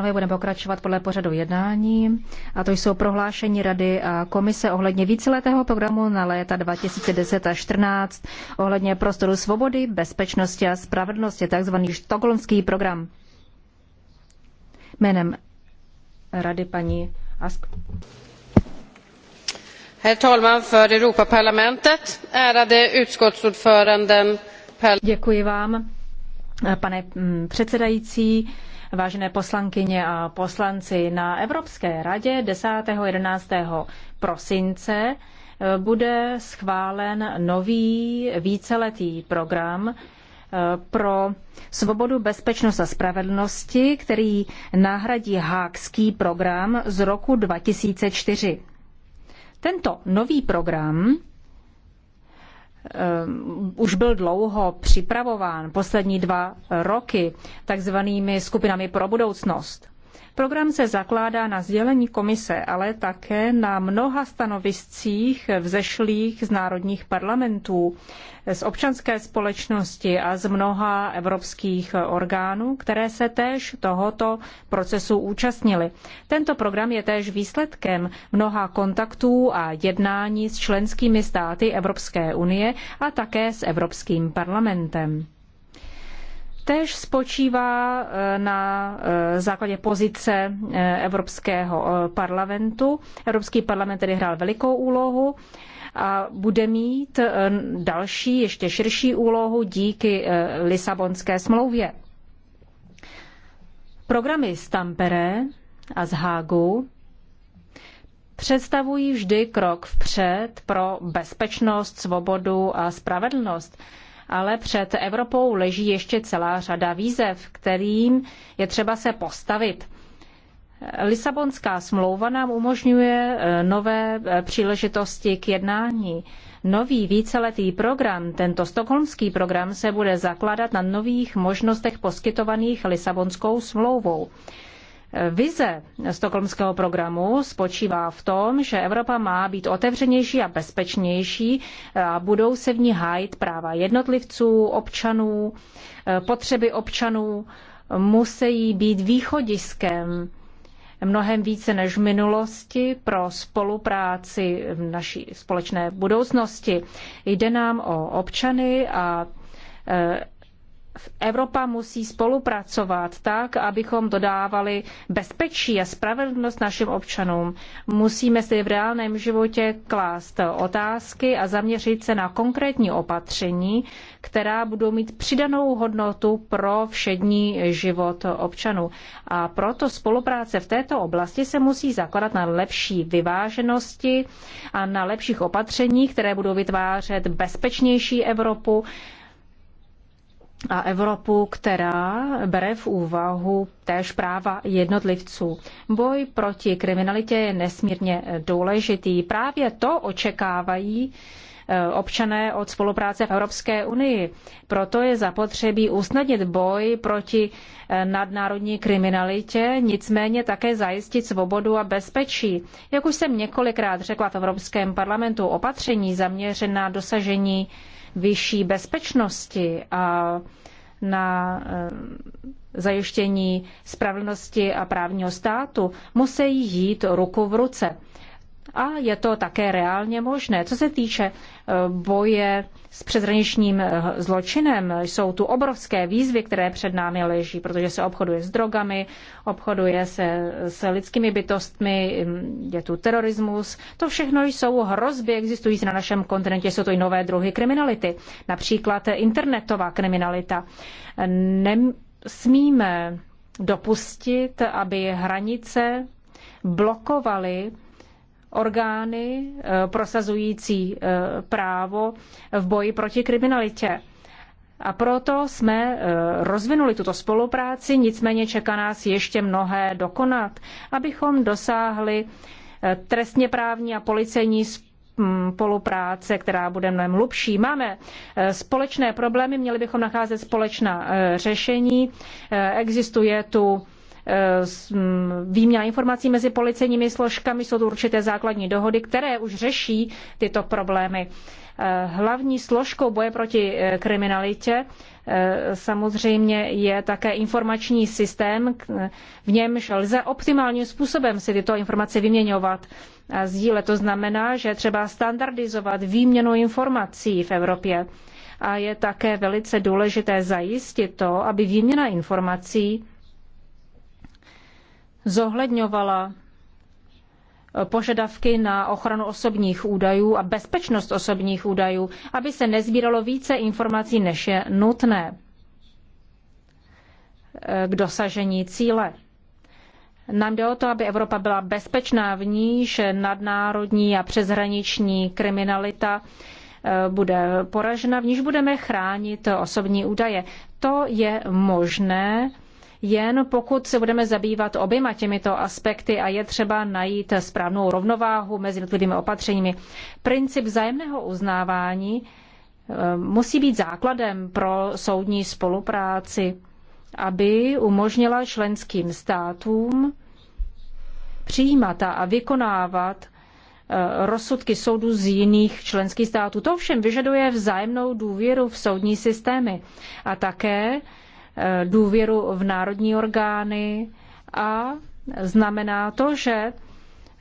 Právě budeme pokračovat podle pořadu jednání a to jsou prohlášení Rady a Komise ohledně víceletého programu na léta 2010 a 14 ohledně prostoru svobody, bezpečnosti a spravedlnosti, takzvaný štokholmský program. Jménem Rady paní Ask. Herr talman för Europaparlamentet, ärade utskottsordföranden. Děkuji vám, pane mm, předsedající Vážené poslankyně a poslanci, na Evropské radě 10. 11. prosince eh, bude schválen nový víceletý program eh, pro svobodu, bezpečnost a spravedlnosti, který nahradí hákský program z roku 2004. Tento nový program Ehm, už byl dlouho připravován poslední dva roky takzvanými skupinami pro budoucnost. Program se zakládá na sdělení komise, ale také na mnoha stanoviscích vzešlých z národních parlamentů, z občanské společnosti a z mnoha evropských orgánů, které se též tohoto procesu účastnily. Tento program je též výsledkem mnoha kontaktů a jednání s členskými státy Evropské unie a také s Evropským parlamentem tež spočívá eh, na eh, základě pozice eh, Evropského parlamentu. Evropský parlament tedy hrál velikou úlohu a bude mít další, ještě širší úlohu díky Lisabonské smlouvě. Programy z Tampere a z Hágu představují vždy krok vpřed pro bezpečnost, svobodu a spravedlnost ale před Evropou leží ještě celá řada výzev, kterým je třeba se postavit. Lisabonská smlouva nám umožňuje eh, nové eh, příležitosti k jednání. Nový víceletý program, tento stokholmský program, se bude zakládat na nových možnostech poskytovaných Lisabonskou smlouvou. Vize stokholmského programu spočívá v tom, že Evropa má být otevřenější a bezpečnější a budou se v ní hájit práva jednotlivců, občanů, potřeby občanů musí být východiskem mnohem více než v minulosti pro spolupráci v naší společné budoucnosti. Jde nám o občany a Evropa musí spolupracovat tak, abychom dodávali bezpečí a spravedlnost našim občanům. Musíme si v reálném životě klást otázky a zaměřit se na konkrétní opatření, která budou mít přidanou hodnotu pro všední život občanů. A proto spolupráce v této oblasti se musí zakladat na lepší vyváženosti a na lepších opatřeních, které budou vytvářet bezpečnější Evropu, a Evropu, která bere v úvahu též práva jednotlivců. Boj proti kriminalitě je nesmírně důležitý. Právě to očekávají občané od spolupráce v Evropské unii. Proto je zapotřebí usnadnit boj proti eh, nadnárodní kriminalitě, nicméně také zajistit svobodu a bezpečí. Jak už jsem několikrát řekla v Evropském parlamentu, opatření zaměřená na dosažení vyšší bezpečnosti a na eh, zajištění spravedlnosti a právního státu musí jít ruku v ruce a je to také reálně možné. Co se týče eh, boje s přezraničním eh, zločinem, jsou tu obrovské výzvy, které před námi leží, protože se obchoduje s drogami, obchoduje se s lidskými bytostmi, je tu terorismus. To všechno jsou hrozby existující na našem kontinentě, jsou to i nové druhy kriminality, například internetová kriminalita. Nesmíme dopustit, aby hranice blokovaly orgány eh, prosazující eh, právo v boji proti kriminalitě. A proto jsme eh, rozvinuli tuto spolupráci, nicméně čeká nás ještě mnohé dokonat, abychom dosáhli trestně právní a policejní mm, spolupráce, která bude mnohem hlubší. Máme společné problémy, měli bychom nacházet společná řešení. Existuje tu Eh, mm, výměna informací mezi policejními složkami, jsou to určité základní dohody, které už řeší tyto problémy. Eh, hlavní složkou boje proti eh, kriminalitě samozřejmě je také informační systém, v němž lze optimálním způsobem si tyto informace vyměňovat a sdílet. To znamená, že třeba standardizovat výměnu informací v Evropě. A je také velice důležité zajistit to, aby výměna informací zohledňovala eh, požadavky na ochranu osobních údajů a bezpečnost osobních údajů, aby se nezbíralo více informací, než je nutné eh, k dosažení cíle. Nám jde o to, aby Evropa byla bezpečná v níž nadnárodní a přeshraniční kriminalita eh, bude poražena, v níž budeme chránit osobní údaje. To je možné jen pokud se budeme zabývat oběma těmito aspekty a je třeba najít správnou rovnováhu mezi jednotlivými opatřeními. Princip vzájemného uznávání eh, musí být základem pro soudní spolupráci, aby umožnila členským státům přijímat a vykonávat eh, rozsudky soudů z jiných členských států. To ovšem vyžaduje vzájemnou důvěru v soudní systémy a také Eh, důvěru v národní orgány a znamená to, že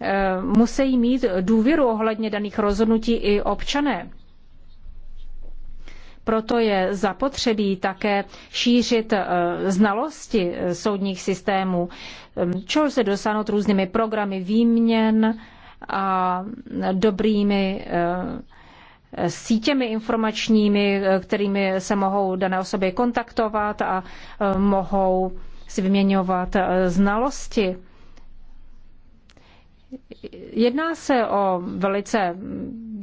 eh, musí mít důvěru ohledně daných rozhodnutí i občané. Proto je zapotřebí také šířit eh, znalosti soudních systémů, čeho se dosáhnout různými programy výměn a dobrými sítěmi informačními, eh, kterými se mohou dané osoby kontaktovat a eh, mohou si vyměňovat eh, znalosti. Jedná se o velice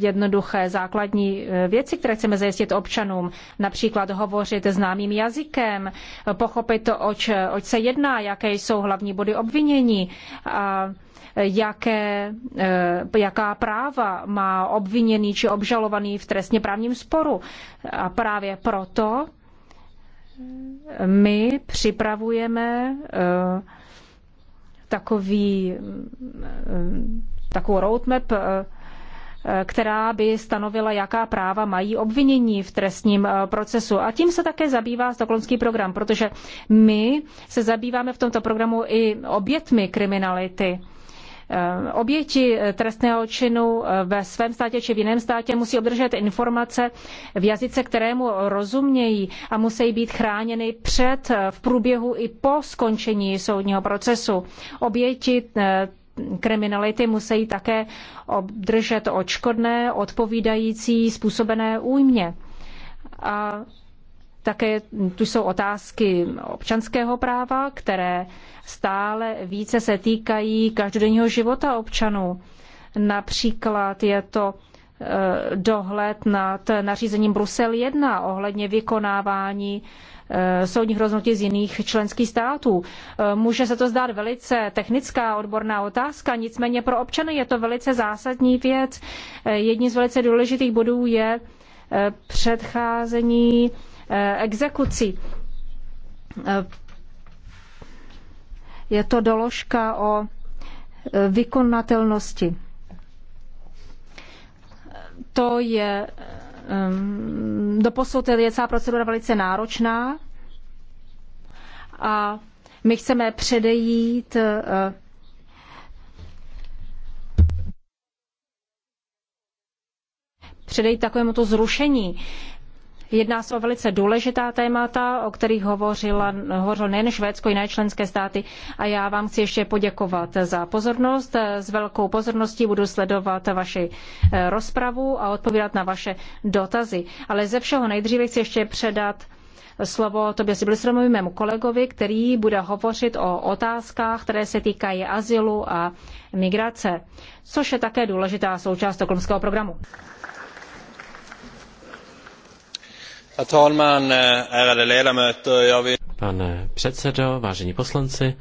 jednoduché základní e, věci, které chceme zajistit občanům, například hovořit známým jazykem, pochopit to, oč, oč se jedná, jaké jsou hlavní body obvinění, a jaké, e, jaká práva má obviněný či obžalovaný v trestně právním sporu. A právě proto my připravujeme uh, takový, mm, takovou roadmap, eh, eh, která by stanovila, jaká práva mají obvinění v trestním eh, procesu. A tím se také zabývá stokholmský program, protože my se zabýváme v tomto programu i obětmi kriminality. Eh, oběti eh, trestného činu eh, ve svém státě či v jiném státě musí obdržet informace v jazyce, kterému rozumějí a musí být chráněny před, v průběhu i po skončení soudního procesu. Oběti kriminality musí také obdržet očkodné odpovídající způsobené újmě. A také tu jsou otázky občanského práva, které stále více se týkají každodenního života občanů. Například je to e, dohled nad nařízením Brusel 1 ohledně vykonávání e, soudních rozhodnutí z jiných členských států. E, může se to zdát velice technická odborná otázka, nicméně pro občany je to velice zásadní věc. Jedním z velice důležitých bodů je předcházení Eh, exekucí. Eh, je to doložka o eh, vykonatelnosti. To je, doposud je celá procedura velice náročná a my chceme předejít předejít takovému to zrušení Jedná se o velice důležitá témata, o kterých hovořila, hovořil nejen Švédsko, jiné členské státy. A já vám chci ještě poděkovat za pozornost. S velkou pozorností budu sledovat vaši eh, rozpravu a odpovídat na vaše dotazy. Ale ze všeho nejdříve chci ještě předat slovo Tobě Sibilstromovi, mému kolegovi, který bude hovořit o otázkách, které se týkají azylu a migrace, což je také důležitá součást stokholmského programu. Äh, Pane předsedo, vážení poslanci,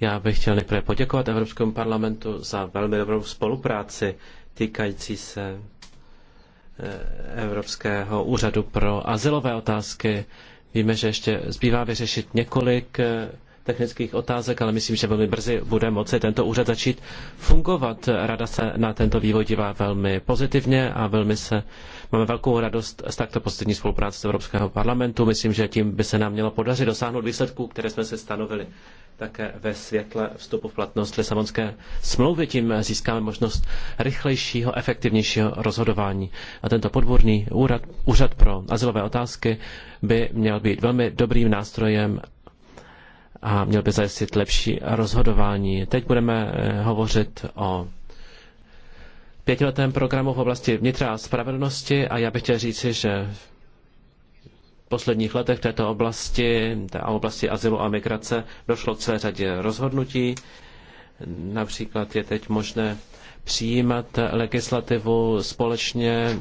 já bych chtěl nejprve poděkovat Evropskému parlamentu za velmi dobrou spolupráci týkající se eh, Evropského úřadu pro azylové otázky. Víme, že ještě zbývá vyřešit několik eh, technických otázek, ale myslím, že velmi brzy bude moci tento úřad začít fungovat. Rada se na tento vývoj dívá velmi pozitivně a velmi se Máme velkou radost z takto poslední spolupráce Evropského parlamentu. Myslím, že tím by se nám mělo podařit dosáhnout výsledků, které jsme se stanovili také ve světle vstupu v platnost Lisabonské smlouvy. Tím získáme možnost rychlejšího, efektivnějšího rozhodování. A tento podborný úřad pro azylové otázky by měl být velmi dobrým nástrojem a měl by zajistit lepší rozhodování. Teď budeme hovořit o pětiletém programu v oblasti vnitra a spravedlnosti a já bych chtěl říci, že v posledních letech této oblasti a oblasti azylu a migrace došlo k celé řadě rozhodnutí. Například je teď možné přijímat legislativu společně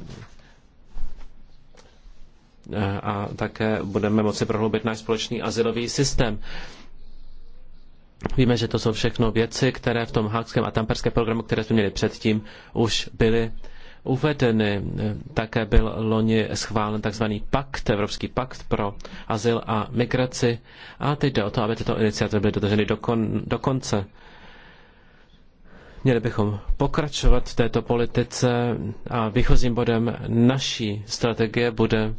eh, a také budeme moci prohloubit náš společný azylový systém. Víme, že to jsou všechno věci, které v tom hákském a tamperském programu, které jsme měli předtím, už byly uvedeny. Také byl loni schválen tzv. pakt, Evropský pakt pro azyl a migraci. A teď jde o to, aby tyto iniciativy byly dotaženy do, kon, do konce. Měli bychom pokračovat v této politice a výchozím bodem naší strategie bude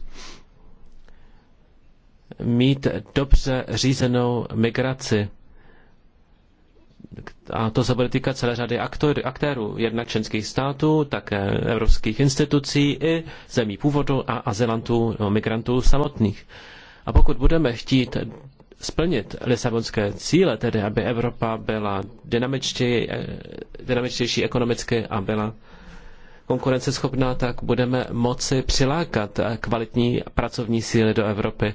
mít dobře řízenou migraci a to se bude týkat celé řady aktor, aktérů, jednak členských států, také evropských institucí i zemí původu a azylantů, no, migrantů samotných. A pokud budeme chtít splnit lisabonské cíle, tedy aby Evropa byla dynamičtěji, dynamičtější ekonomicky a byla konkurenceschopná, tak budeme moci přilákat kvalitní pracovní síly do Evropy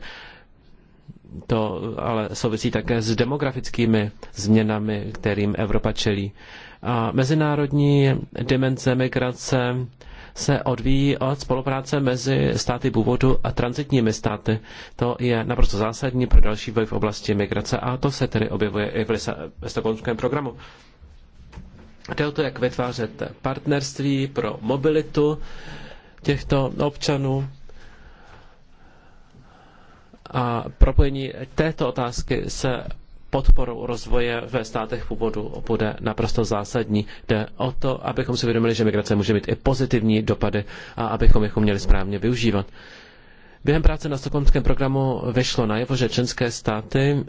to ale souvisí také s demografickými změnami, kterým Evropa čelí. A mezinárodní dimenze migrace se odvíjí od spolupráce mezi státy původu a transitními státy. To je naprosto zásadní pro další vývoj v oblasti migrace a to se tedy objevuje i v Lisabonském programu. Jde o to, jak vytvářet partnerství pro mobilitu těchto občanů a propojení této otázky se podporou rozvoje ve státech původu bude naprosto zásadní. Jde o to, abychom si uvědomili, že migrace může mít i pozitivní dopady a abychom jich měli správně využívat. Během práce na stokholmském programu vyšlo najevo, že členské státy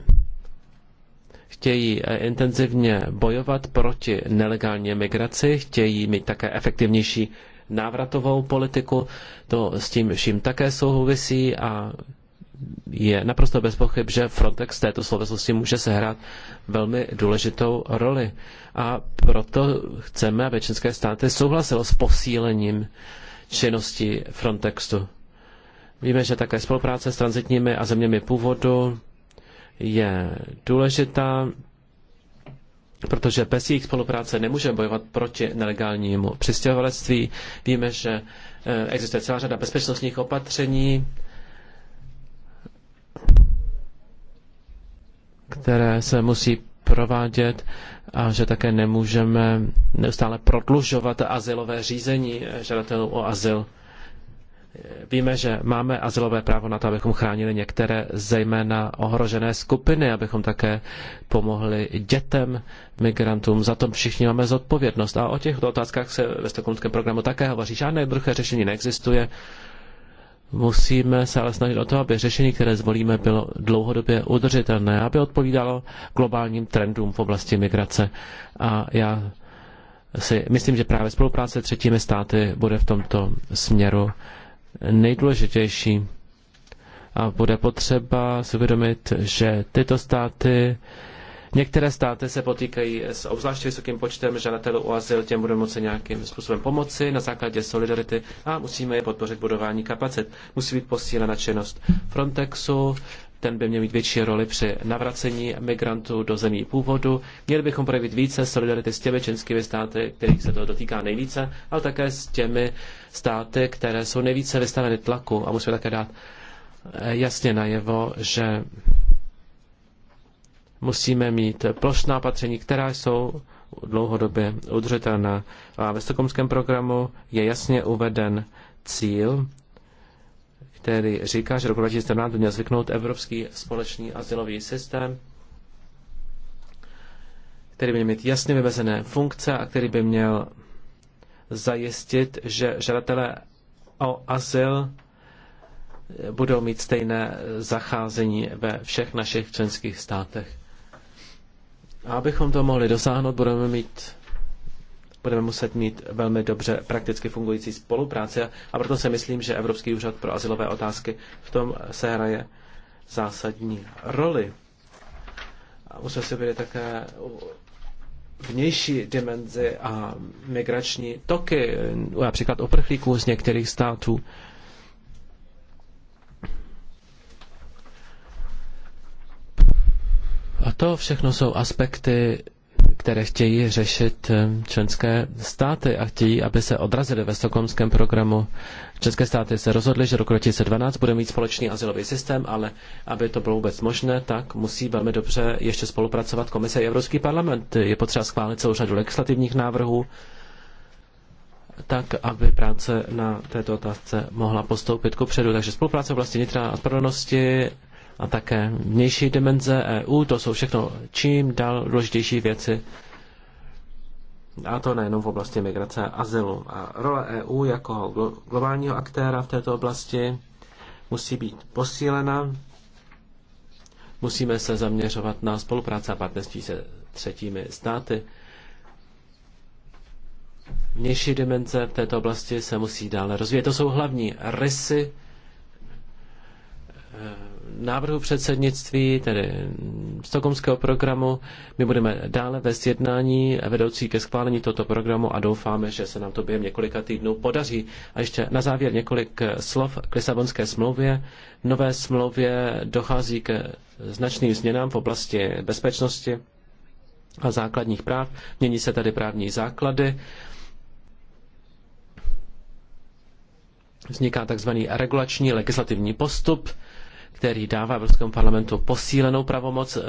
chtějí eh, intenzivně bojovat proti nelegální migraci, chtějí mít také efektivnější návratovou politiku, to s tím vším také souvisí a je naprosto bez pochyb, že Frontex v této souvislosti může sehrát velmi důležitou roli. A proto chceme, aby české státy souhlasilo s posílením činnosti Frontexu. Víme, že také spolupráce s transitními a zeměmi původu je důležitá, protože bez jejich spolupráce nemůžeme bojovat proti nelegálnímu přistěhovalectví. Víme, že eh, existuje celá řada bezpečnostních opatření, které se musí provádět a že také nemůžeme neustále prodlužovat azylové řízení žadatelů o azyl. Víme, že máme azylové právo na to, abychom chránili některé zejména ohrožené skupiny, abychom také pomohli dětem, migrantům. Za to všichni máme zodpovědnost. A o těchto otázkách se ve stokholmském programu také hovoří. Žádné druhé řešení neexistuje. Musíme se ale snažit o to, aby řešení, které zvolíme, bylo dlouhodobě udržitelné, aby odpovídalo globálním trendům v oblasti migrace. A já si myslím, že právě spolupráce s třetími státy bude v tomto směru nejdůležitější. A bude potřeba si uvědomit, že tyto státy Některé státy se potýkají s obzvlášť vysokým počtem žadatelů o azyl, těm budeme moci nějakým způsobem pomoci na základě solidarity a musíme je podpořit budování kapacit. Musí být posílena činnost Frontexu, ten by měl mít větší roli při navracení migrantů do zemí původu. Měli bychom projevit více solidarity s těmi čínskými státy, kterých se to dotýká nejvíce, ale také s těmi státy, které jsou nejvíce vystaveny tlaku a musíme také dát eh, jasně najevo, že Musíme mít plošná opatření, která jsou dlouhodobě udržitelná. A ve stokomském programu je jasně uveden cíl, který říká, že roku 2017 by měl zvyknout evropský společný asilový systém, který by měl mít jasně vymezené funkce a který by měl zajistit, že žadatelé o azyl budou mít stejné zacházení ve všech našich členských státech. A abychom to mohli dosáhnout, budeme mít budeme muset mít velmi dobře prakticky fungující spolupráci a proto si myslím, že Evropský úřad pro asilové otázky v tom se hraje zásadní roli. A musíme si být také vnější dimenzi a migrační toky, například uprchlíků z některých států. A to všechno jsou aspekty, které chtějí řešit eh, členské státy a chtějí, aby se odrazily ve stokholmském programu. České státy se rozhodly, že roku 2012 bude mít společný asilový systém, ale aby to bylo vůbec možné, tak musí velmi dobře ještě spolupracovat komise i Evropský parlament. Je potřeba schválit celou řadu legislativních návrhů, tak, aby práce na této otázce mohla postoupit kupředu. Takže spolupráce v oblasti vnitra a spravedlnosti a také vnější dimenze EU. To jsou všechno čím dál důležitější věci. A to nejenom v oblasti migrace a azylu. A role EU jako globálního aktéra v této oblasti musí být posílena. Musíme se zaměřovat na spolupráce a partnerství se třetími státy. Vnější dimenze v této oblasti se musí dále rozvíjet. To jsou hlavní rysy návrhu předsednictví, tedy stokomského programu. My budeme dále vést jednání vedoucí ke schválení tohoto programu a doufáme, že se nám to během několika týdnů podaří. A ještě na závěr několik slov k Lisabonské smlouvě. V nové smlouvě dochází k značným změnám v oblasti bezpečnosti a základních práv. Mění se tady právní základy. Vzniká takzvaný regulační legislativní postup který dává Evropskému parlamentu posílenou pravomoc eh,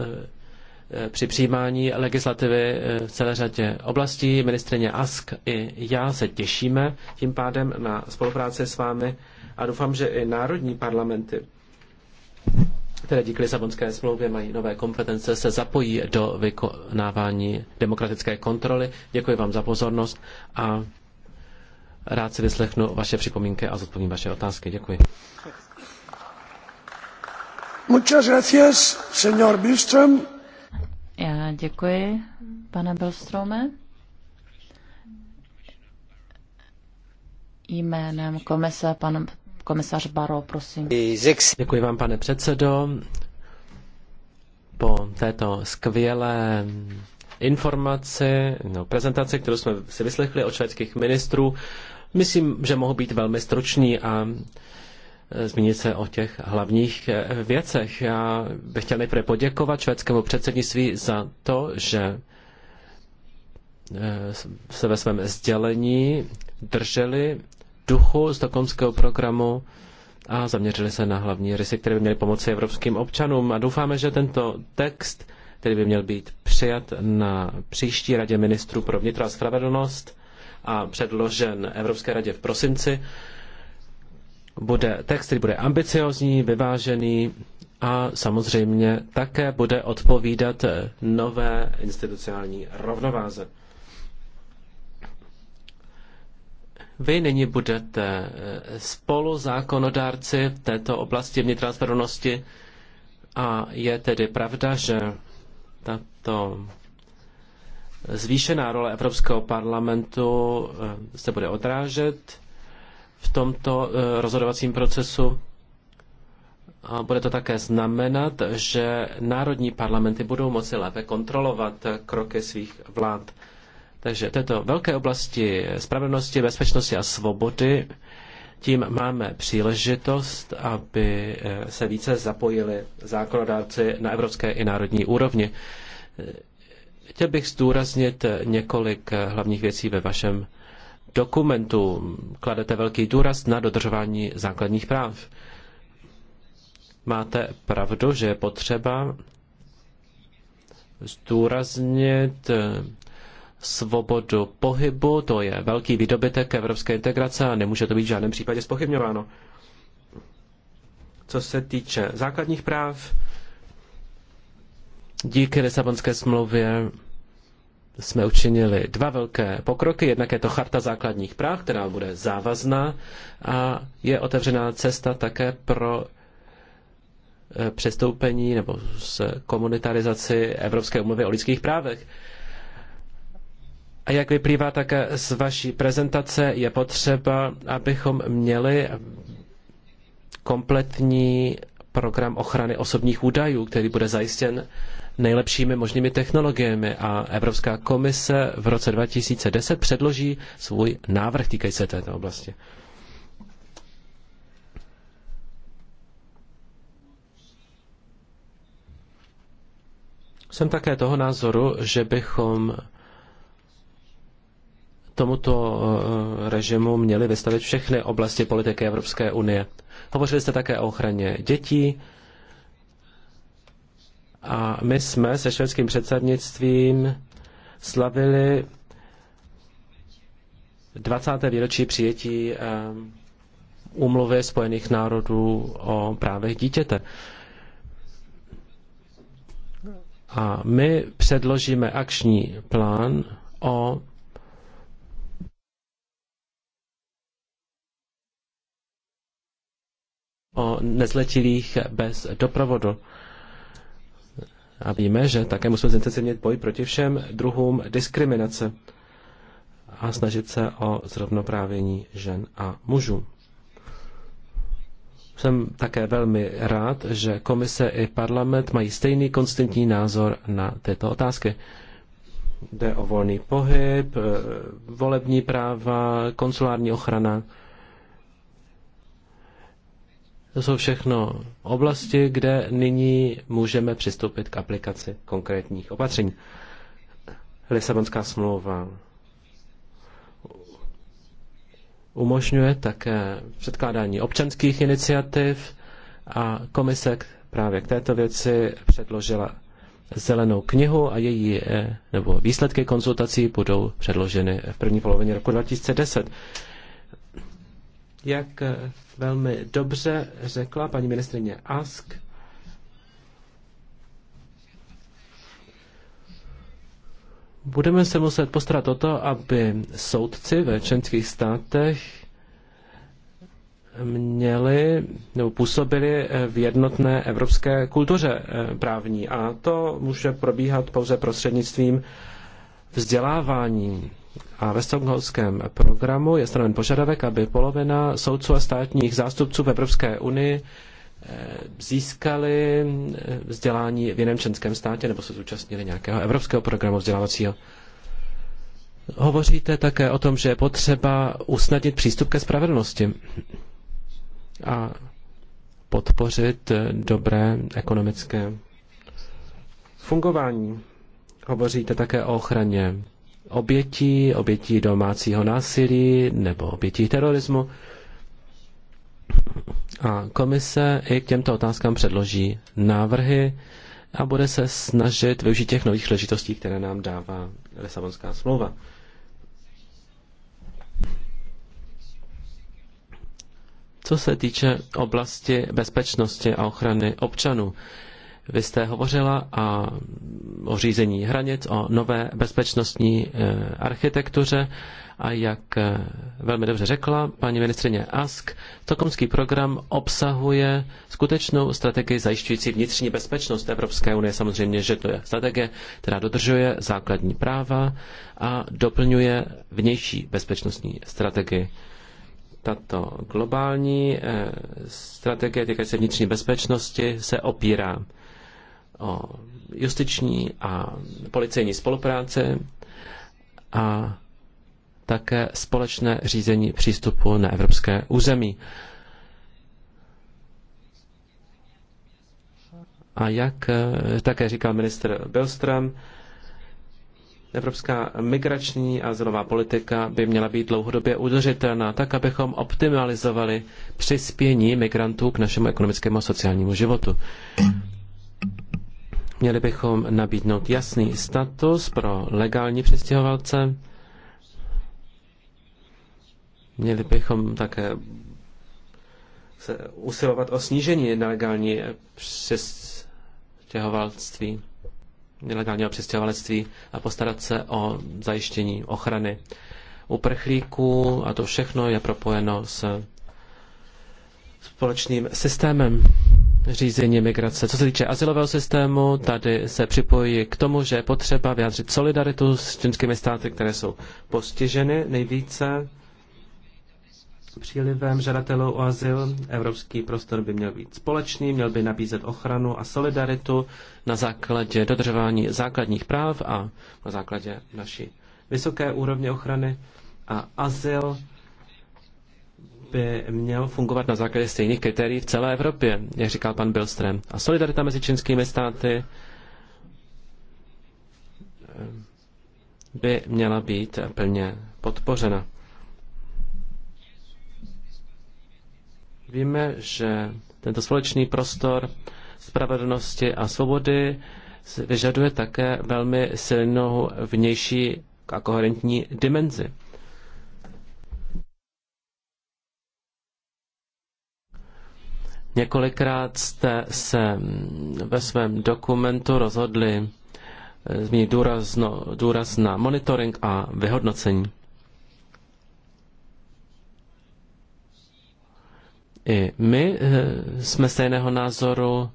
eh, při přijímání legislativy eh, v celé řadě oblastí. Ministrině Ask i já se těšíme tím pádem na spolupráci s vámi a doufám, že i národní parlamenty, které díky Lisabonské smlouvě mají nové kompetence, se zapojí do vykonávání demokratické kontroly. Děkuji vám za pozornost a rád si vyslechnu vaše připomínky a zodpovím vaše otázky. Děkuji. Já děkuji, pane Bilstrome. Jménem komise, pan komisař Baro, prosím. Děkuji vám, pane předsedo. Po této skvělé informaci, no, prezentaci, kterou jsme si vyslechli od švédských ministrů, myslím, že mohu být velmi stručný a Eh, zmínit se o těch hlavních eh, věcech. Já bych chtěl nejprve poděkovat švédskému předsednictví za to, že eh, se ve svém sdělení drželi duchu z dokonského programu a zaměřili se na hlavní rysy, které by měly pomoci evropským občanům. A doufáme, že tento text, který by měl být přijat na příští radě ministrů pro vnitra a spravedlnost a předložen Evropské radě v prosinci, bude text, který bude ambiciozní, vyvážený a samozřejmě také bude odpovídat eh, nové institucionální rovnováze. Vy nyní budete eh, spolu zákonodárci v této oblasti vnitra a je tedy pravda, že tato zvýšená role Evropského parlamentu eh, se bude odrážet v tomto eh, rozhodovacím procesu. A bude to také znamenat, že národní parlamenty budou moci lépe kontrolovat eh, kroky svých vlád. Takže v této velké oblasti spravedlnosti, bezpečnosti a svobody tím máme příležitost, aby eh, se více zapojili zákonodárci na evropské i národní úrovni. Chtěl bych zdůraznit několik hlavních věcí ve vašem dokumentu kladete velký důraz na dodržování základních práv. Máte pravdu, že je potřeba zdůraznit eh, svobodu pohybu, to je velký výdobytek evropské integrace a nemůže to být v žádném případě spochybňováno. Co se týče základních práv, díky Lisabonské smlouvě jsme učinili dva velké pokroky. Jednak je to Charta základních práv, která bude závazná a je otevřená cesta také pro eh, přestoupení nebo s komunitarizaci Evropské umluvy o lidských právech. A jak vyplývá také z vaší prezentace, je potřeba, abychom měli kompletní program ochrany osobních údajů, který bude zajištěn nejlepšími možnými technologiemi a Evropská komise v roce 2010 předloží svůj návrh týkající se této oblasti. Jsem také toho názoru, že bychom tomuto eh, režimu měli vystavit všechny oblasti politiky Evropské unie. Hovořili jste také o ochraně dětí, a my jsme se švédským předsednictvím slavili 20. výročí přijetí ehm, úmluvy Spojených národů o právech dítěte. A my předložíme akční plán o o nezletilých bez doprovodu. A víme, že také musíme zintenzivnit boj proti všem druhům diskriminace a snažit se o zrovnoprávění žen a mužů. Jsem také velmi rád, že komise i parlament mají stejný konstantní názor na tyto otázky. Jde o volný pohyb, eh, volební práva, konsulární ochrana to jsou všechno oblasti, kde nyní můžeme přistoupit k aplikaci konkrétních opatření. Lisabonská smlouva umožňuje také předkládání občanských iniciativ a komise právě k této věci předložila zelenou knihu a její eh, nebo výsledky konzultací budou předloženy v první polovině roku 2010. Jak eh, velmi dobře řekla paní ministrině Ask. Budeme se muset postarat o to, aby soudci ve členských státech měli nebo působili v jednotné evropské kultuře eh, právní. A to může probíhat pouze prostřednictvím vzdělávání a ve stockholmském programu je stanoven požadavek, aby polovina soudců a státních zástupců v Evropské unii eh, získali eh, vzdělání v jiném členském státě nebo se zúčastnili nějakého evropského programu vzdělávacího. Hovoříte také o tom, že je potřeba usnadnit přístup ke spravedlnosti a podpořit eh, dobré ekonomické fungování. Hovoříte také o ochraně obětí, obětí domácího násilí nebo obětí terorismu. A komise i k těmto otázkám předloží návrhy a bude se snažit využít těch nových příležitostí, které nám dává Lisabonská smlouva. Co se týče oblasti bezpečnosti a ochrany občanů, vy jste hovořila a o řízení hranic, o nové bezpečnostní e, architektuře a jak e, velmi dobře řekla paní ministrině Ask, Tokomský program obsahuje skutečnou strategii zajišťující vnitřní bezpečnost Evropské unie. Samozřejmě, že to je strategie, která dodržuje základní práva a doplňuje vnější bezpečnostní strategii tato globální e, strategie týkající se vnitřní bezpečnosti se opírá o justiční a policejní spolupráce a také společné řízení přístupu na evropské území. A jak eh, také říkal ministr Bilström, evropská migrační a zelová politika by měla být dlouhodobě udržitelná, tak abychom optimalizovali přispění migrantů k našemu ekonomickému a sociálnímu životu. Měli bychom nabídnout jasný status pro legální přistěhovalce. Měli bychom také se usilovat o snížení nelegální přistěhovalství, nelegálního přistěhovalectví a postarat se o zajištění ochrany uprchlíků a to všechno je propojeno s společným systémem řízení migrace. Co se týče asilového systému, tady se připojí k tomu, že je potřeba vyjádřit solidaritu s členskými státy, které jsou postiženy nejvíce přílivem žadatelů o azyl. Evropský prostor by měl být společný, měl by nabízet ochranu a solidaritu na základě dodržování základních práv a na základě naší vysoké úrovně ochrany a azyl by měl fungovat na základě stejných kritérií v celé Evropě, jak říkal pan Bilstrem. A solidarita mezi čínskými státy eh, by měla být plně podpořena. Víme, že tento společný prostor spravedlnosti a svobody vyžaduje také velmi silnou vnější a koherentní dimenzi. Několikrát jste se ve svém dokumentu rozhodli eh, zmínit no, důraz, na monitoring a vyhodnocení. I my eh, jsme stejného názoru,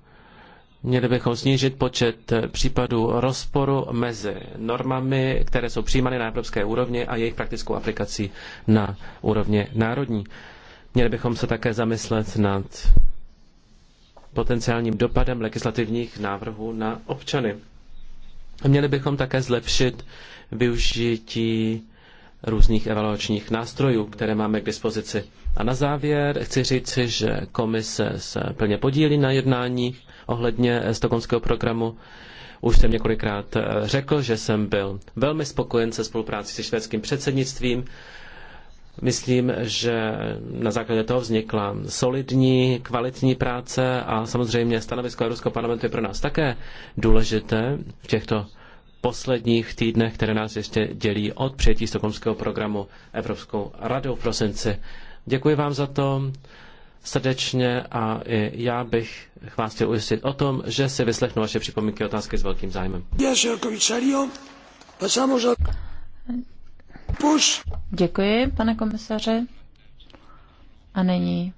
měli bychom snížit počet eh, případů rozporu mezi normami, které jsou přijímány na evropské úrovni a jejich praktickou aplikací na úrovni národní. Měli bychom se také zamyslet nad potenciálním dopadem legislativních návrhů na občany. Měli bychom také zlepšit využití různých evaluačních nástrojů, které máme k dispozici. A na závěr chci říci, že komise se plně podílí na jednání ohledně stokonského programu. Už jsem několikrát řekl, že jsem byl velmi spokojen se spolupráci se švédským předsednictvím Myslím, že na základě toho vznikla solidní, kvalitní práce a samozřejmě stanovisko Evropského parlamentu je pro nás také důležité v těchto posledních týdnech, které nás ještě dělí od přijetí stokholmského programu Evropskou radou v prosinci. Děkuji vám za to srdečně a i já bych vás chtěl ujistit o tom, že si vyslechnu vaše připomínky a otázky s velkým zájmem push. Děkuji, pane komisaři. A nyní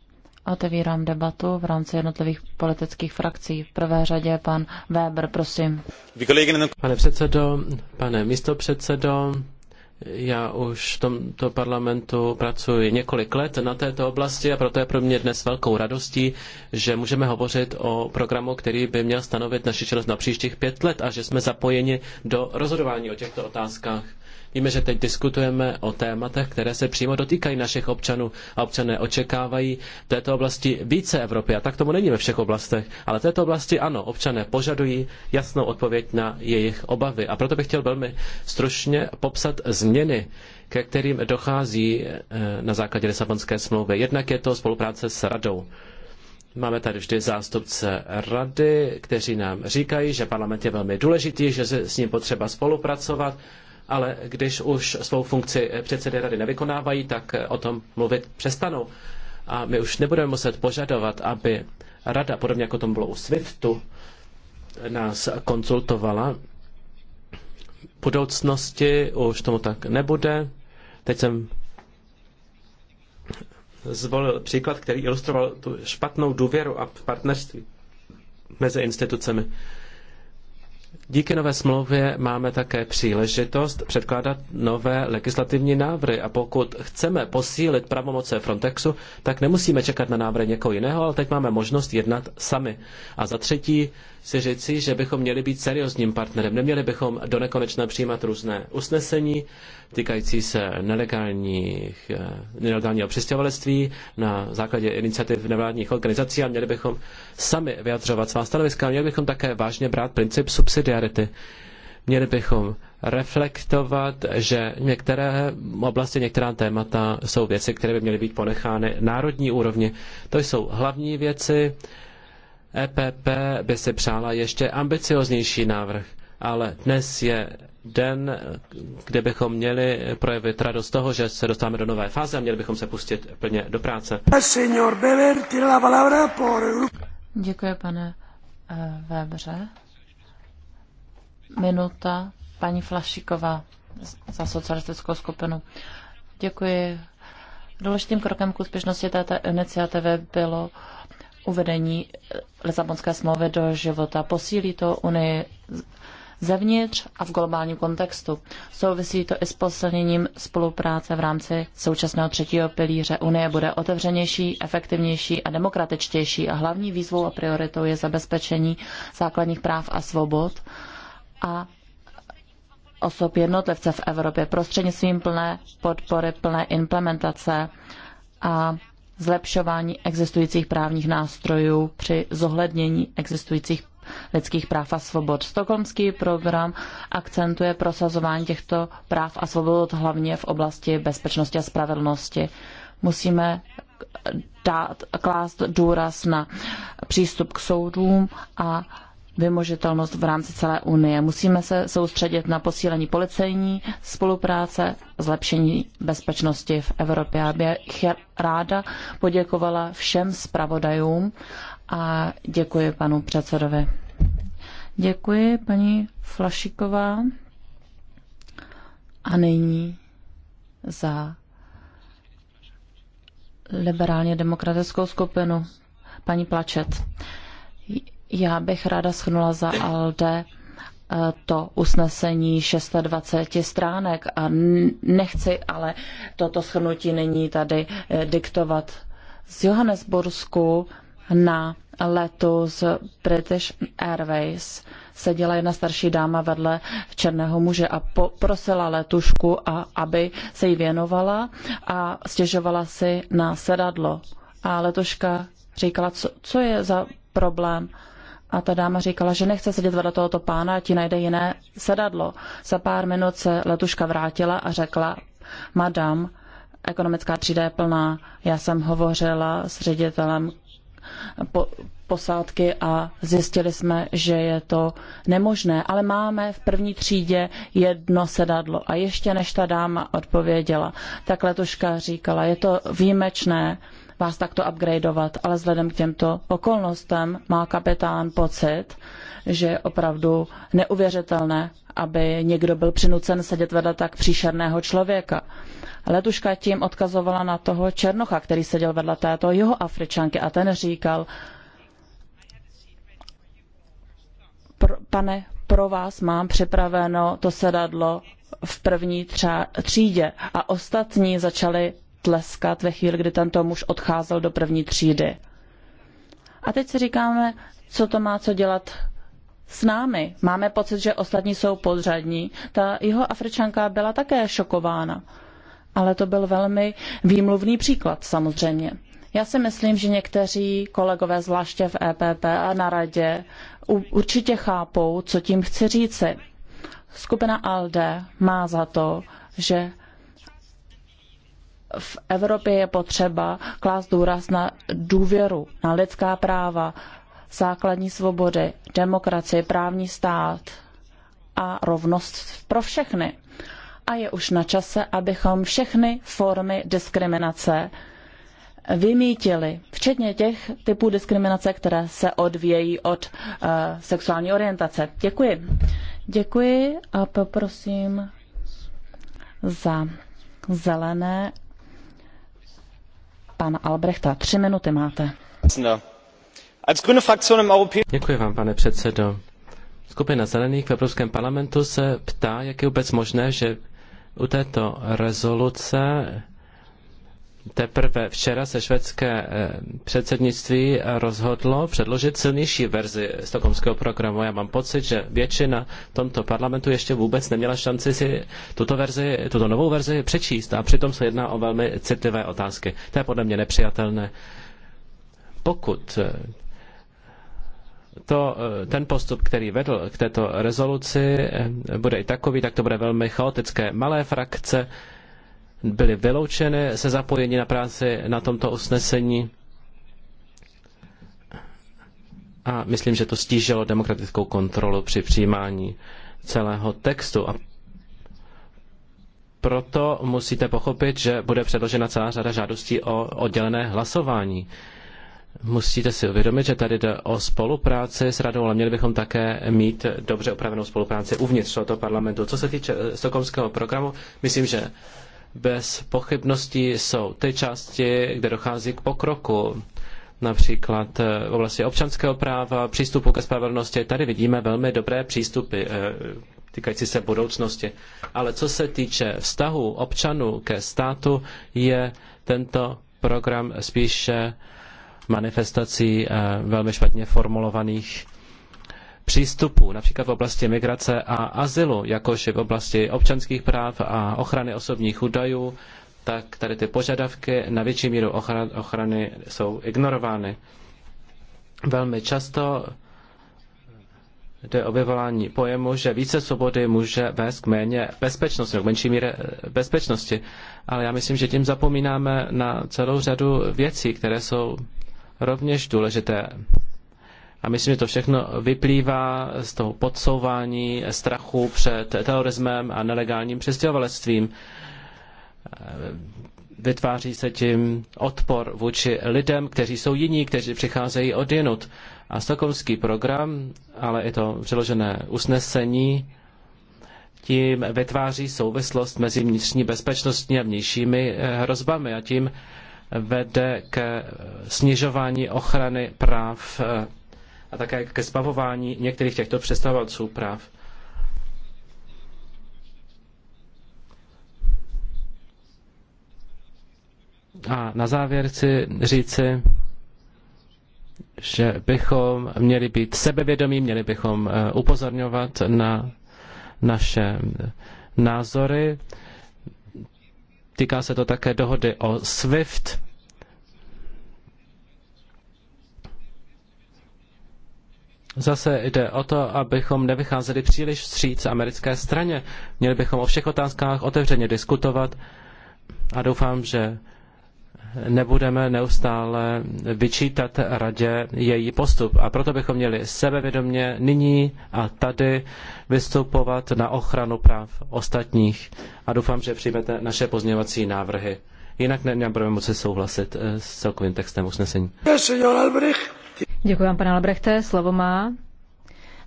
otevírám debatu v rámci jednotlivých politických frakcí. V prvé řadě pan Weber, prosím. Pane předsedo, pane místopředsedo, já už v tomto parlamentu pracuji několik let na této oblasti a proto je pro mě dnes velkou radostí, že můžeme hovořit o programu, který by měl stanovit naši činnost na příštích pět let a že jsme zapojeni do rozhodování o těchto otázkách. Víme, že teď diskutujeme o tématech, které se přímo dotýkají našich občanů a občané očekávají v této oblasti více Evropy. A tak tomu není ve všech oblastech, ale v této oblasti ano, občané požadují jasnou odpověď na jejich obavy. A proto bych chtěl velmi stručně popsat změny, ke kterým dochází eh, na základě Lisabonské smlouvy. Jednak je to spolupráce s radou. Máme tady vždy zástupce rady, kteří nám říkají, že parlament je velmi důležitý, že s ním potřeba spolupracovat ale když už svou funkci předsedy rady nevykonávají, tak o tom mluvit přestanou. A my už nebudeme muset požadovat, aby rada, podobně jako tomu bylo u SWIFTu, nás konzultovala. V budoucnosti už tomu tak nebude. Teď jsem zvolil příklad, který ilustroval tu špatnou důvěru a partnerství mezi institucemi. Díky nové smlouvě máme také příležitost předkládat nové legislativní návrhy a pokud chceme posílit pravomoce Frontexu, tak nemusíme čekat na návrhy někoho jiného, ale teď máme možnost jednat sami. A za třetí, si říci, že bychom měli být seriózním partnerem. Neměli bychom do nekonečna přijímat různé usnesení týkající se nelegálních, eh, nelegálního přistěhovalectví na základě iniciativ nevládních organizací a měli bychom sami vyjadřovat svá stanoviska. Měli bychom také vážně brát princip subsidiarity. Měli bychom reflektovat, že některé oblasti, některá témata jsou věci, které by měly být ponechány národní úrovni. To jsou hlavní věci, EPP by si přála ještě ambicioznější návrh, ale dnes je den, kde bychom měli projevit radost z toho, že se dostáváme do nové fáze a měli bychom se pustit plně do práce. Děkuji, pane eh, Webře. Minuta, paní Flašiková za socialistickou skupinu. Děkuji. Důležitým krokem k úspěšnosti této iniciativy bylo uvedení Lisabonské smlouvy do života. Posílí to Unii zevnitř a v globálním kontextu. Souvisí to i s posilněním spolupráce v rámci současného třetího pilíře. Unie bude otevřenější, efektivnější a demokratičtější a hlavní výzvou a prioritou je zabezpečení základních práv a svobod a osob jednotlivce v Evropě prostřednictvím plné podpory, plné implementace a zlepšování existujících právních nástrojů při zohlednění existujících lidských práv a svobod. Stokholmský program akcentuje prosazování těchto práv a svobod hlavně v oblasti bezpečnosti a spravedlnosti. Musíme dát, klást důraz na přístup k soudům a vymožitelnost v rámci celé Unie. Musíme se soustředit na posílení policejní spolupráce, zlepšení bezpečnosti v Evropě. Já bych ráda poděkovala všem zpravodajům a děkuji panu předsedovi. Děkuji, paní Flašiková. A nyní za liberálně demokratickou skupinu paní Plačet. Já bych ráda schnula za ALDE eh, to usnesení 620 stránek a nechci, ale toto schnutí není tady eh, diktovat z Johannesburgu na letu z British Airways seděla jedna starší dáma vedle černého muže a poprosila letušku, a, aby se jí věnovala a stěžovala si na sedadlo. A letuška říkala, co, co je za problém. A ta dáma říkala, že nechce sedět vedle tohoto pána, a ti najde jiné sedadlo. Za pár minut se letuška vrátila a řekla, madam, ekonomická třída je plná. Já jsem hovořila s ředitelem po, posádky a zjistili jsme, že je to nemožné, ale máme v první třídě jedno sedadlo. A ještě než ta dáma odpověděla, tak letuška říkala, je to výjimečné, vás takto upgradeovat, ale vzhledem k těmto okolnostem má kapitán pocit, že je opravdu neuvěřitelné, aby někdo byl přinucen sedět vedle tak příšerného člověka. Letuška tím odkazovala na toho Černocha, který seděl vedle této jeho Afričanky a ten říkal, pane, pro vás mám připraveno to sedadlo v první třídě a ostatní začali tleskat ve chvíli, kdy tento muž odcházel do první třídy. A teď si říkáme, co to má co dělat s námi. Máme pocit, že ostatní jsou podřadní. Ta jeho Afričanka byla také šokována. Ale to byl velmi výmluvný příklad samozřejmě. Já si myslím, že někteří kolegové, zvláště v EPP a na radě, určitě chápou, co tím chci říci. Skupina ALDE má za to, že v Evropě je potřeba klást důraz na důvěru, na lidská práva, základní svobody, demokracii, právní stát a rovnost pro všechny. A je už na čase, abychom všechny formy diskriminace vymítili, včetně těch typů diskriminace, které se odvějí od uh, sexuální orientace. Děkuji. Děkuji a poprosím za zelené pana Albrechta. Tři minuty máte. Děkuji vám, pane předsedo. Skupina zelených v Evropském parlamentu se ptá, jak je vůbec možné, že u této rezoluce Teprve včera se švédské eh, předsednictví rozhodlo předložit silnější verzi stokholmského programu. Já mám pocit, že většina v tomto parlamentu ještě vůbec neměla šanci si tuto, verzi, tuto novou verzi přečíst a přitom se jedná o velmi citlivé otázky. To je podle mě nepřijatelné. Pokud eh, to, eh, ten postup, který vedl k této rezoluci, bude i takový, tak to bude velmi chaotické. Malé frakce byly vyloučeny se zapojení na práci na tomto usnesení. A myslím, že to stížilo demokratickou kontrolu při přijímání celého textu. A proto musíte pochopit, že bude předložena celá řada žádostí o oddělené hlasování. Musíte si uvědomit, že tady jde o spolupráci s radou, ale měli bychom také mít dobře upravenou spolupráci uvnitř tohoto parlamentu. Co se týče eh, stokholmského programu, myslím, že bez pochybností jsou ty části, kde dochází k pokroku, například eh, v oblasti občanského práva, přístupu ke spravedlnosti. Tady vidíme velmi dobré přístupy eh, týkající se budoucnosti. Ale co se týče vztahu občanů ke státu, je tento program spíše manifestací eh, velmi špatně formulovaných Přístupu, například v oblasti migrace a azylu, jakož i v oblasti občanských práv a ochrany osobních údajů, tak tady ty požadavky na větší míru ochrany jsou ignorovány. Velmi často jde o vyvolání pojemu, že více svobody může vést k méně bezpečnosti, k menší míře eh, bezpečnosti. Ale já myslím, že tím zapomínáme na celou řadu věcí, které jsou rovněž důležité a myslím, že to všechno vyplývá z toho podsouvání strachu před terorismem a nelegálním přistěhovalectvím. Eh, vytváří se tím odpor vůči lidem, kteří jsou jiní, kteří přicházejí od jinut. A stokholmský program, ale i to přiložené usnesení, tím vytváří souvislost mezi vnitřní bezpečnostní a vnějšími eh, hrozbami a tím vede ke snižování ochrany práv eh, a také ke zbavování některých těchto přestavovalců práv. A na závěr chci říci, že bychom měli být sebevědomí, měli bychom eh, upozorňovat na naše názory. Týká se to také dohody o SWIFT, Zase jde o to, abychom nevycházeli příliš vstříc americké straně. Měli bychom o všech otázkách otevřeně diskutovat a doufám, že nebudeme neustále vyčítat radě její postup. A proto bychom měli sebevědomě nyní a tady vystupovat na ochranu práv ostatních. A doufám, že přijmete naše pozměňovací návrhy. Jinak nebudeme moci souhlasit eh, s celkovým textem usnesení. Yes, Děkuji vám, pane Albrechte. Slovo má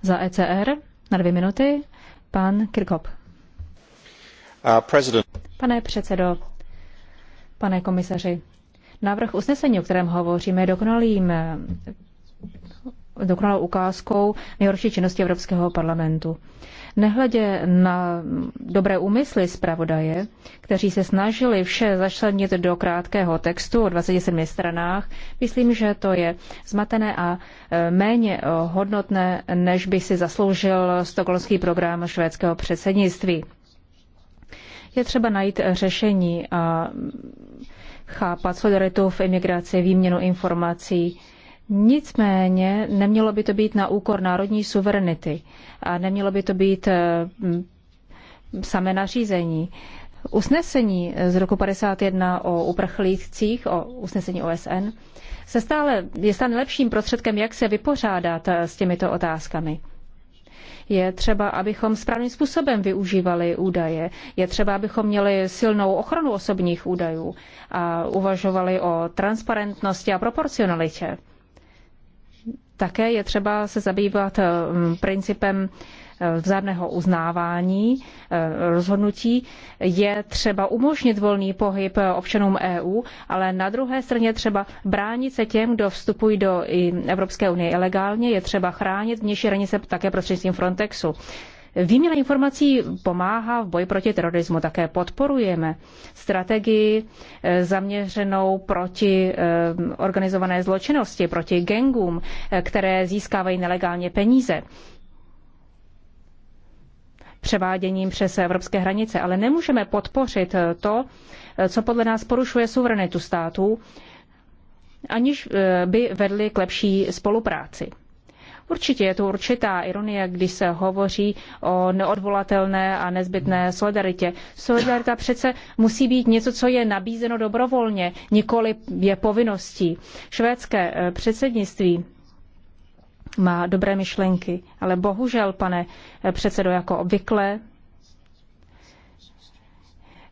za ECR na dvě minuty pan Kirkop. Uh, pane předsedo, pane komisaři, návrh usnesení, o kterém hovoříme, je dokonalým dokonalou ukázkou nejhorší činnosti Evropského parlamentu. Nehledě na dobré úmysly zpravodaje, kteří se snažili vše začlenit do krátkého textu o 27 stranách, myslím, že to je zmatené a e, méně e, hodnotné, než by si zasloužil stokholmský program švédského předsednictví. Je třeba najít řešení a chápat solidaritu v imigraci, výměnu informací, Nicméně nemělo by to být na úkor národní suverenity a nemělo by to být eh, samé nařízení. Usnesení z roku 51 o uprchlících, o usnesení OSN, se stále, je stále lepším prostředkem, jak se vypořádat eh, s těmito otázkami. Je třeba, abychom správným způsobem využívali údaje. Je třeba, abychom měli silnou ochranu osobních údajů a uvažovali o transparentnosti a proporcionalitě. Také je třeba se zabývat eh, principem eh, vzájemného uznávání eh, rozhodnutí. Je třeba umožnit volný pohyb občanům EU, ale na druhé straně třeba bránit se těm, kdo vstupují do Evropské unie ilegálně, je třeba chránit vnější hranice také prostřednictvím Frontexu. Výměna informací pomáhá v boji proti terorismu. Také podporujeme strategii eh, zaměřenou proti eh, organizované zločinnosti, proti gengům, eh, které získávají nelegálně peníze převáděním přes evropské hranice. Ale nemůžeme podpořit to, co podle nás porušuje suverenitu států, aniž by vedli k lepší spolupráci. Určitě je to určitá ironie, když se hovoří o neodvolatelné a nezbytné solidaritě. Solidarita přece musí být něco, co je nabízeno dobrovolně, nikoli je povinností. Švédské eh, předsednictví má dobré myšlenky, ale bohužel, pane eh, předsedo, jako obvykle,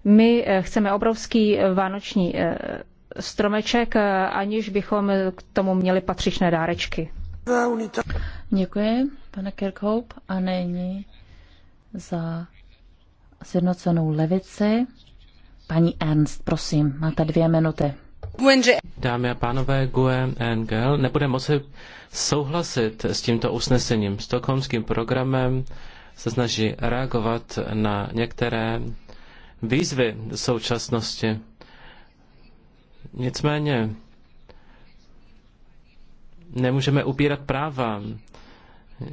my eh, chceme obrovský vánoční stromeček, aniž bychom k tomu měli patřičné dárečky. Děkuji, pane Kirkhope. A nyní za sjednocenou levici. Paní Ernst, prosím, máte dvě minuty. Dámy a pánové, GUE NGL nebude moci souhlasit s tímto usnesením. Stokholmským programem se snaží reagovat na některé výzvy současnosti. Nicméně nemůžeme upírat práva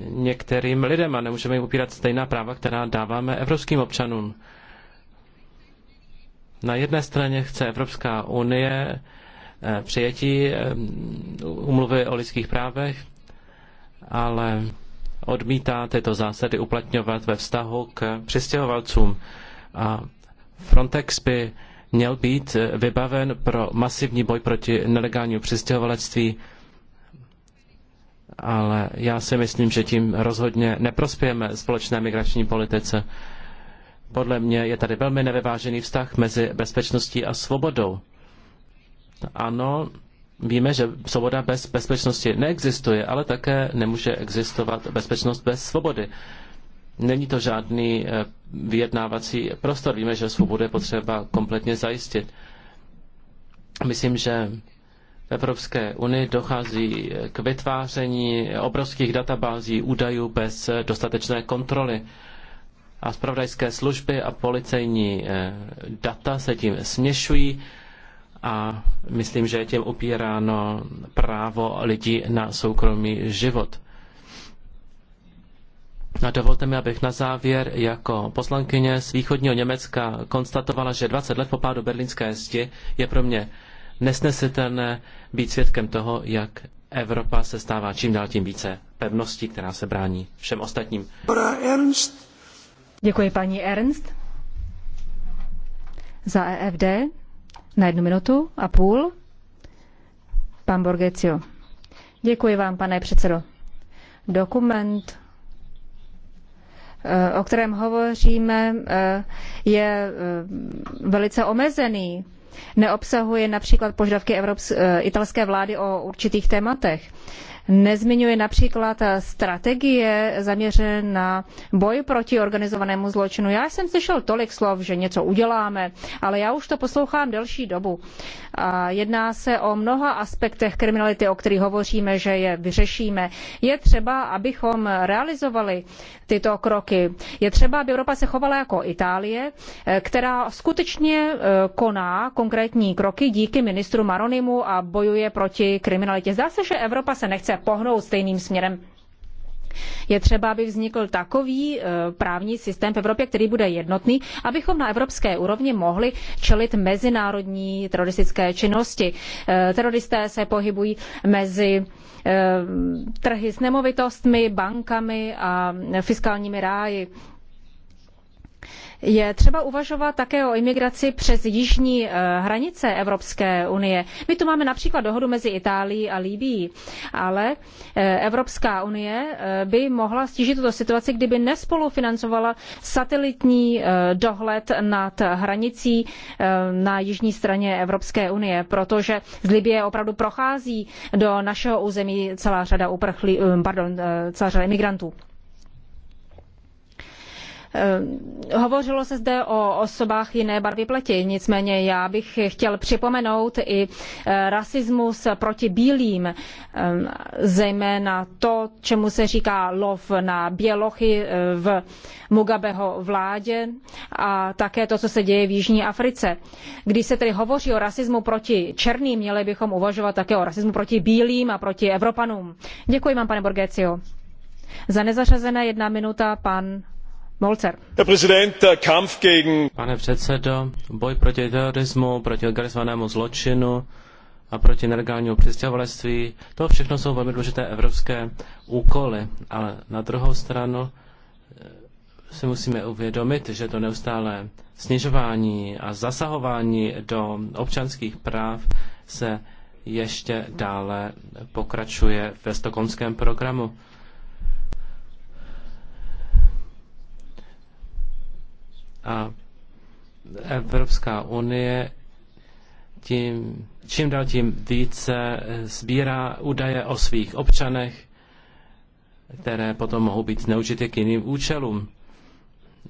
některým lidem a nemůžeme jim upírat stejná práva, která dáváme evropským občanům. Na jedné straně chce Evropská unie eh, přijetí eh, umluvy o lidských právech, ale odmítá tyto zásady uplatňovat ve vztahu k přistěhovalcům. A Frontex by měl být eh, vybaven pro masivní boj proti nelegálnímu přistěhovalectví ale já si myslím, že tím rozhodně neprospějeme společné migrační politice. Podle mě je tady velmi nevyvážený vztah mezi bezpečností a svobodou. Ano, víme, že svoboda bez bezpečnosti neexistuje, ale také nemůže existovat bezpečnost bez svobody. Není to žádný eh, vyjednávací prostor. Víme, že svobodu je potřeba kompletně zajistit. Myslím, že v Evropské unii dochází k vytváření obrovských databází údajů bez dostatečné kontroly. A zpravodajské služby a policejní eh, data se tím směšují a myslím, že je tím upíráno právo lidí na soukromý život. A dovolte mi, abych na závěr jako poslankyně z východního Německa konstatovala, že 20 let po pádu berlínské zdi je pro mě nesnesitelné být svědkem toho, jak Evropa se stává čím dál tím více pevností, která se brání všem ostatním. Děkuji paní Ernst za EFD na jednu minutu a půl. Pan Borgecio. Děkuji vám, pane předsedo. Dokument, eh, o kterém hovoříme, eh, je eh, velice omezený neobsahuje například požadavky Evrops- eh, italské vlády o určitých tématech nezmiňuje například eh, strategie zaměřené na boj proti organizovanému zločinu. Já jsem slyšel tolik slov, že něco uděláme, ale já už to poslouchám delší dobu. A jedná se o mnoha aspektech kriminality, o kterých hovoříme, že je vyřešíme. Je třeba, abychom realizovali tyto kroky. Je třeba, aby Evropa se chovala jako Itálie, eh, která skutečně eh, koná konkrétní kroky díky ministru Maronimu a bojuje proti kriminalitě. Zdá se, že Evropa se nechce pohnou stejným směrem. Je třeba, aby vznikl takový e, právní systém v Evropě, který bude jednotný, abychom na evropské úrovni mohli čelit mezinárodní teroristické činnosti. E, teroristé se pohybují mezi e, trhy s nemovitostmi, bankami a fiskálními ráji je třeba uvažovat také o imigraci přes jižní eh, hranice Evropské unie. My tu máme například dohodu mezi Itálií a Líbí, ale eh, Evropská unie eh, by mohla stížit tuto situaci, kdyby nespolufinancovala satelitní dohled nad hranicí na jižní straně Evropské unie, protože z Libie opravdu prochází do našeho území celá řada, uprchlí, pardon, celá řada imigrantů. Eh, hovořilo se zde o osobách jiné barvy pleti, nicméně já bych chtěl připomenout i eh, rasismus proti bílým, eh, zejména to, čemu se říká lov na bělochy v Mugabeho vládě a také to, co se děje v Jižní Africe. Když se tedy hovoří o rasismu proti černým, měli bychom uvažovat také o rasismu proti bílým a proti Evropanům. Děkuji vám, pane Borgecio. Za nezařazené jedna minuta pan Pane předsedo, boj proti terorismu, proti organizovanému zločinu a proti nelegálnímu přistěhovalectví, to všechno jsou velmi důležité evropské úkoly, ale na druhou stranu eh, si musíme uvědomit, že to neustále snižování a zasahování do občanských práv se ještě dále pokračuje ve stokholmském programu. a Evropská unie tím, čím dál tím více sbírá údaje o svých občanech, které potom mohou být zneužity k jiným účelům.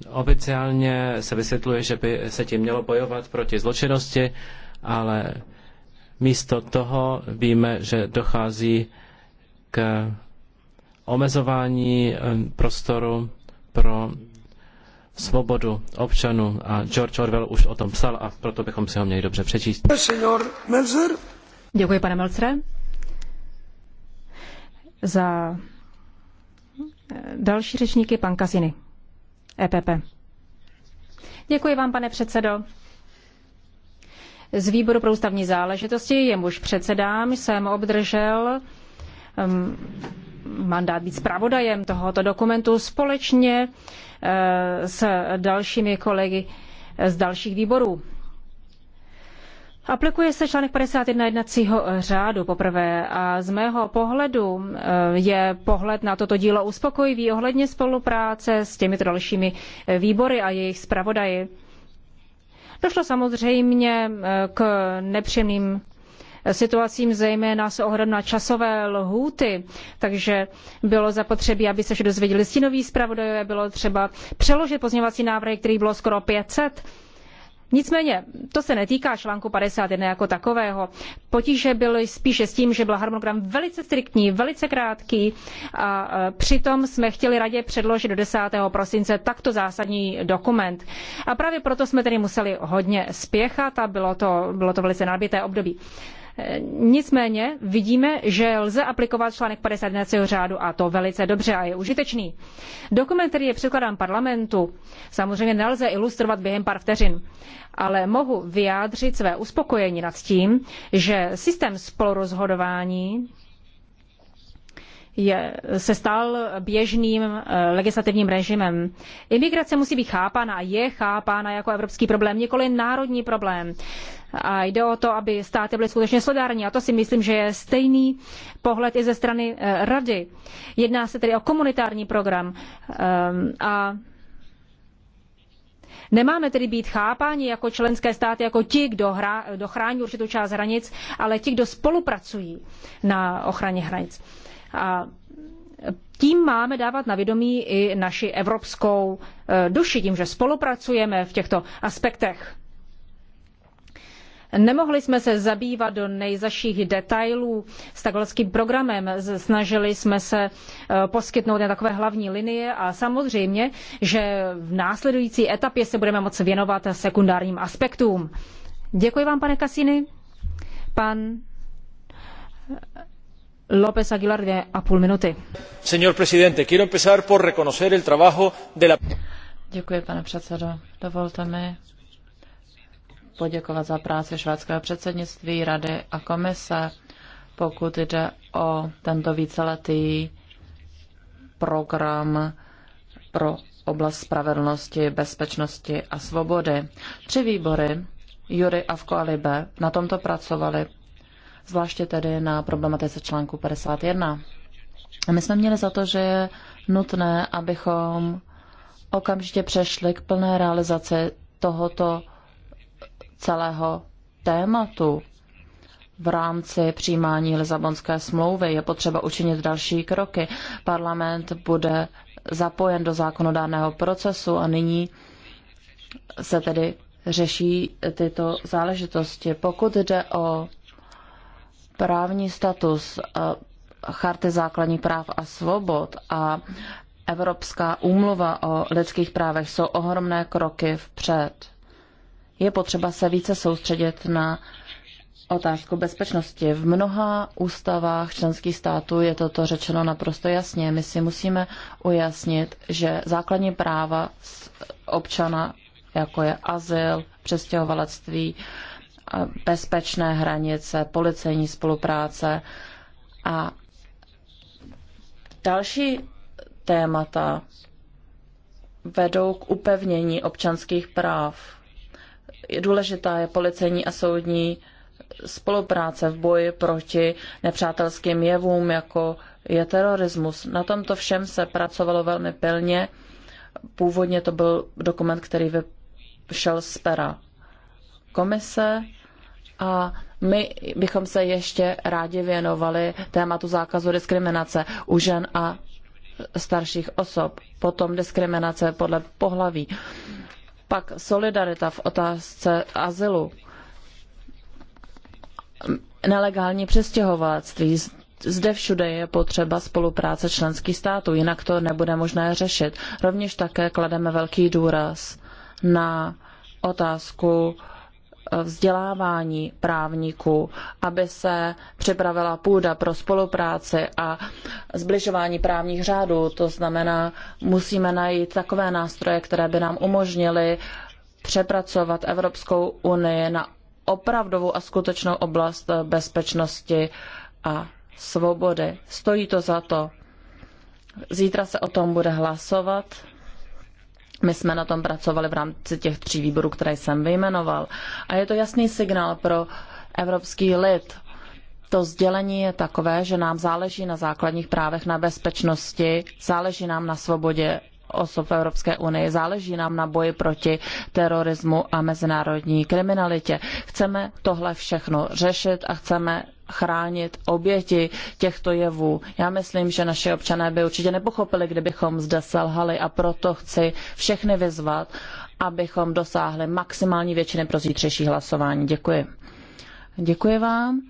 Oficiálně se vysvětluje, že by se tím mělo bojovat proti zločinnosti, ale místo toho víme, že dochází k omezování eh, prostoru pro svobodu občanů a George Orwell už o tom psal a proto bychom si ho měli dobře přečíst. Děkuji, pane Melcere, za eh, další řečníky pan Kaziny, EPP. Děkuji vám, pane předsedo. Z výboru pro ústavní záležitosti, jemuž předsedám, jsem obdržel um, mandát být zpravodajem tohoto dokumentu společně eh, s dalšími kolegy z dalších výborů. Aplikuje se článek 51 jednacího řádu poprvé a z mého pohledu eh, je pohled na toto dílo uspokojivý ohledně spolupráce s těmito dalšími eh, výbory a jejich zpravodaji. Došlo samozřejmě k nepříjemným situacím, zejména s ohledem na časové lhůty. Takže bylo zapotřebí, aby se vše dozvěděli stinoví zpravodajové, bylo třeba přeložit pozměňovací návrhy, kterých bylo skoro 500. Nicméně, to se netýká článku 51 jako takového. Potíže byly spíše s tím, že byl harmonogram velice striktní, velice krátký a e, přitom jsme chtěli radě předložit do 10. prosince takto zásadní dokument. A právě proto jsme tedy museli hodně spěchat a bylo to, bylo to velice nabité období. Nicméně vidíme, že lze aplikovat článek 50 jednacího řádu a to velice dobře a je užitečný. Dokument, který je předkladán parlamentu, samozřejmě nelze ilustrovat během pár vteřin, ale mohu vyjádřit své uspokojení nad tím, že systém spolurozhodování je, se stal běžným eh, legislativním režimem. Imigrace musí být chápána a je chápána jako evropský problém, nikoli národní problém. A jde o to, aby státy byly skutečně solidární. A to si myslím, že je stejný pohled i ze strany eh, Rady. Jedná se tedy o komunitární program. Ehm, a Nemáme tedy být chápáni jako členské státy, jako ti, kdo, hra, kdo chrání určitou část hranic, ale ti, kdo spolupracují na ochraně hranic. A tím máme dávat na vědomí i naši evropskou eh, duši, tím, že spolupracujeme v těchto aspektech. Nemohli jsme se zabývat do nejzaších detailů s takvalským programem. Snažili jsme se e, poskytnout takové hlavní linie a samozřejmě, že v následující etapě se budeme moci věnovat sekundárním aspektům. Děkuji vám, pane Kasiny. Pan e, López Aguilar, dvě a půl minuty. Señor presidente, quiero empezar por reconocer el trabajo de la... Děkuji, pane předsedo. Dovolte mi poděkovat za práci švédského předsednictví, rady a komise, pokud jde o tento víceletý program pro oblast spravedlnosti, bezpečnosti a svobody. Tři výbory, Jury, a a Libe, na tomto pracovali, zvláště tedy na problematice článku 51. A my jsme měli za to, že je nutné, abychom okamžitě přešli k plné realizaci tohoto celého tématu v rámci přijímání Lisabonské smlouvy. Je potřeba učinit další kroky. Parlament bude zapojen do zákonodárného procesu a nyní se tedy řeší tyto záležitosti. Pokud jde o právní status eh, Charty základních práv a svobod a Evropská úmluva o lidských právech jsou ohromné kroky vpřed je potřeba se více soustředit na otázku bezpečnosti. V mnoha ústavách členských států je toto řečeno naprosto jasně. My si musíme ujasnit, že základní práva občana, jako je azyl, přestěhovalectví, bezpečné hranice, policejní spolupráce a další témata vedou k upevnění občanských práv Důležitá je policejní a soudní spolupráce v boji proti nepřátelským jevům, jako je terorismus. Na tomto všem se pracovalo velmi pilně. Původně to byl dokument, který vyšel z pera komise a my bychom se ještě rádi věnovali tématu zákazu diskriminace u žen a starších osob, potom diskriminace podle pohlaví. Pak solidarita v otázce azylu, nelegální přestěhovalectví, zde všude je potřeba spolupráce členských států, jinak to nebude možné řešit. Rovněž také klademe velký důraz na otázku vzdělávání právníků, aby se připravila půda pro spolupráci a zbližování právních řádů. To znamená, musíme najít takové nástroje, které by nám umožnily přepracovat Evropskou unii na opravdovou a skutečnou oblast bezpečnosti a svobody. Stojí to za to. Zítra se o tom bude hlasovat. My jsme na tom pracovali v rámci těch tří výborů, které jsem vyjmenoval. A je to jasný signál pro evropský lid. To sdělení je takové, že nám záleží na základních právech, na bezpečnosti, záleží nám na svobodě osob v Evropské unii. Záleží nám na boji proti terorismu a mezinárodní kriminalitě. Chceme tohle všechno řešit a chceme chránit oběti těchto jevů. Já myslím, že naše občané by určitě nepochopili, kdybychom zde selhali a proto chci všechny vyzvat, abychom dosáhli maximální většiny pro zítřejší hlasování. Děkuji. Děkuji vám.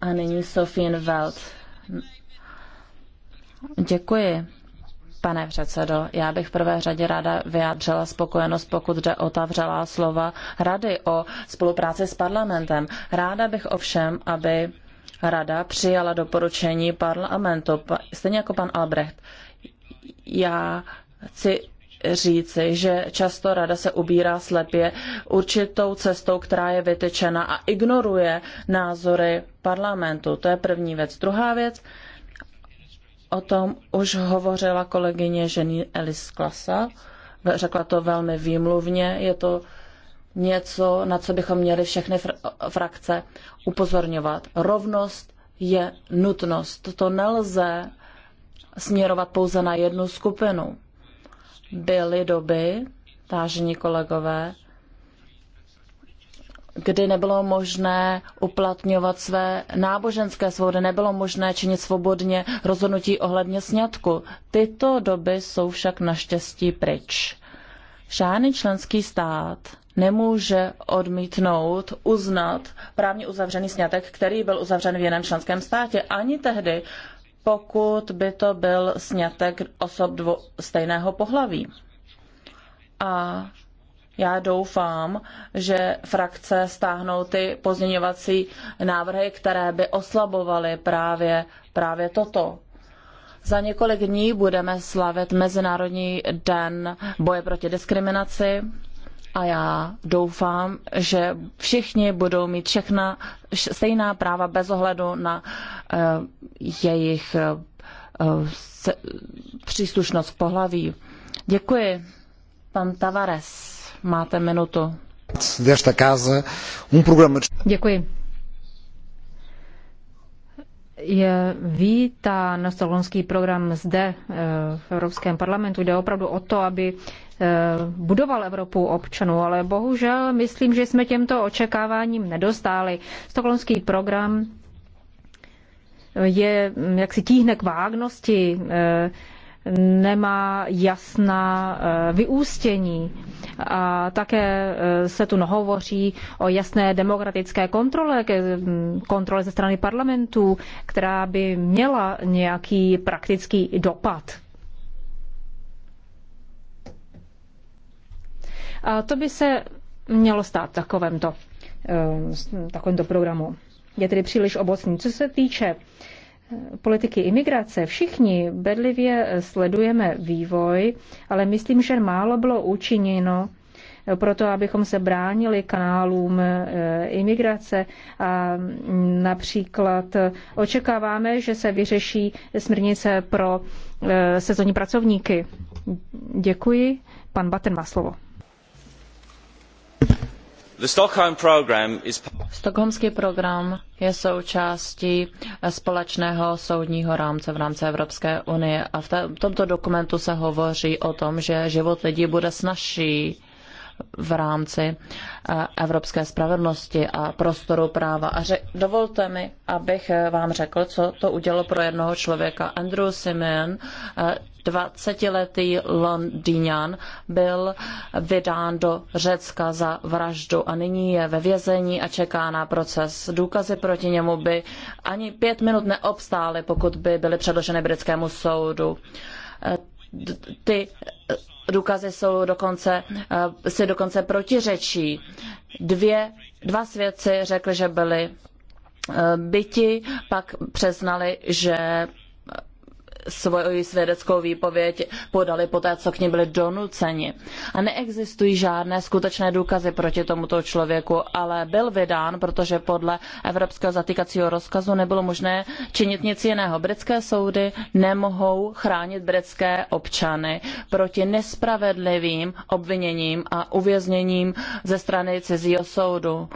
A nyní Sofín Welt. Děkuji. Pane předsedo, já bych v prvé řadě ráda vyjádřila spokojenost, pokud jde o ta vřelá slova rady o spolupráci s parlamentem. Ráda bych ovšem, aby rada přijala doporučení parlamentu, stejně jako pan Albrecht. Já chci říci, že často rada se ubírá slepě určitou cestou, která je vytyčena a ignoruje názory parlamentu. To je první věc. Druhá věc, O tom už hovořila kolegyně ženy Elis Klasa. Řekla to velmi výmluvně. Je to něco, na co bychom měli všechny frakce upozorňovat. Rovnost je nutnost. To nelze směrovat pouze na jednu skupinu. Byly doby, tážení kolegové, kdy nebylo možné uplatňovat své náboženské svobody, nebylo možné činit svobodně rozhodnutí ohledně sňatku. Tyto doby jsou však naštěstí pryč. Žádný členský stát nemůže odmítnout, uznat právně uzavřený sňatek, který byl uzavřen v jiném členském státě, ani tehdy, pokud by to byl sňatek osob dvo- stejného pohlaví. A já doufám, že frakce stáhnou ty pozměňovací návrhy, které by oslabovaly právě, právě toto. Za několik dní budeme slavit Mezinárodní den boje proti diskriminaci a já doufám, že všichni budou mít všechna stejná práva bez ohledu na uh, jejich uh, se, příslušnost k pohlaví. Děkuji. Pan Tavares máte minutu. Um Děkuji. Je vítán stokholmský program zde eh, v Evropském parlamentu. Jde opravdu o to, aby eh, budoval Evropu občanů, ale bohužel myslím, že jsme těmto očekáváním nedostáli. Stokholmský program je jaksi tíhne k vágnosti, eh, nemá jasná eh, vyústění. A také eh, se tu hovoří o jasné demokratické kontrole, hm, kontrole ze strany parlamentu, která by měla nějaký praktický dopad. A to by se mělo stát takovémto, eh, takovémto programu. Je tedy příliš obocný. Co se týče politiky imigrace všichni bedlivě sledujeme vývoj, ale myslím, že málo bylo učiněno proto, abychom se bránili kanálům eh, imigrace a mm, například eh, očekáváme, že se vyřeší směrnice pro eh, sezónní pracovníky. Děkuji. Pan Baten má slovo. Stockholmský program je součástí společného soudního rámce v rámci Evropské unie a v tomto dokumentu se hovoří o tom, že život lidí bude snažší v rámci eh, evropské spravedlnosti a prostoru práva. A řek, dovolte mi, abych eh, vám řekl, co to udělalo pro jednoho člověka. Andrew Simon eh, 20-letý Londýňan byl vydán do Řecka za vraždu a nyní je ve vězení a čeká na proces. Důkazy proti němu by ani pět minut neobstály, pokud by byly předloženy britskému soudu. Ty důkazy jsou dokonce, si dokonce protiřečí. Dvě, dva svědci řekli, že byli eh, byti, pak přeznali, že svoji svědeckou výpověď podali poté, co k ní byli donuceni. A neexistují žádné skutečné důkazy proti tomuto člověku, ale byl vydán, protože podle evropského zatýkacího rozkazu nebylo možné činit nic jiného. Britské soudy nemohou chránit britské občany proti nespravedlivým obviněním a uvězněním ze strany cizího soudu.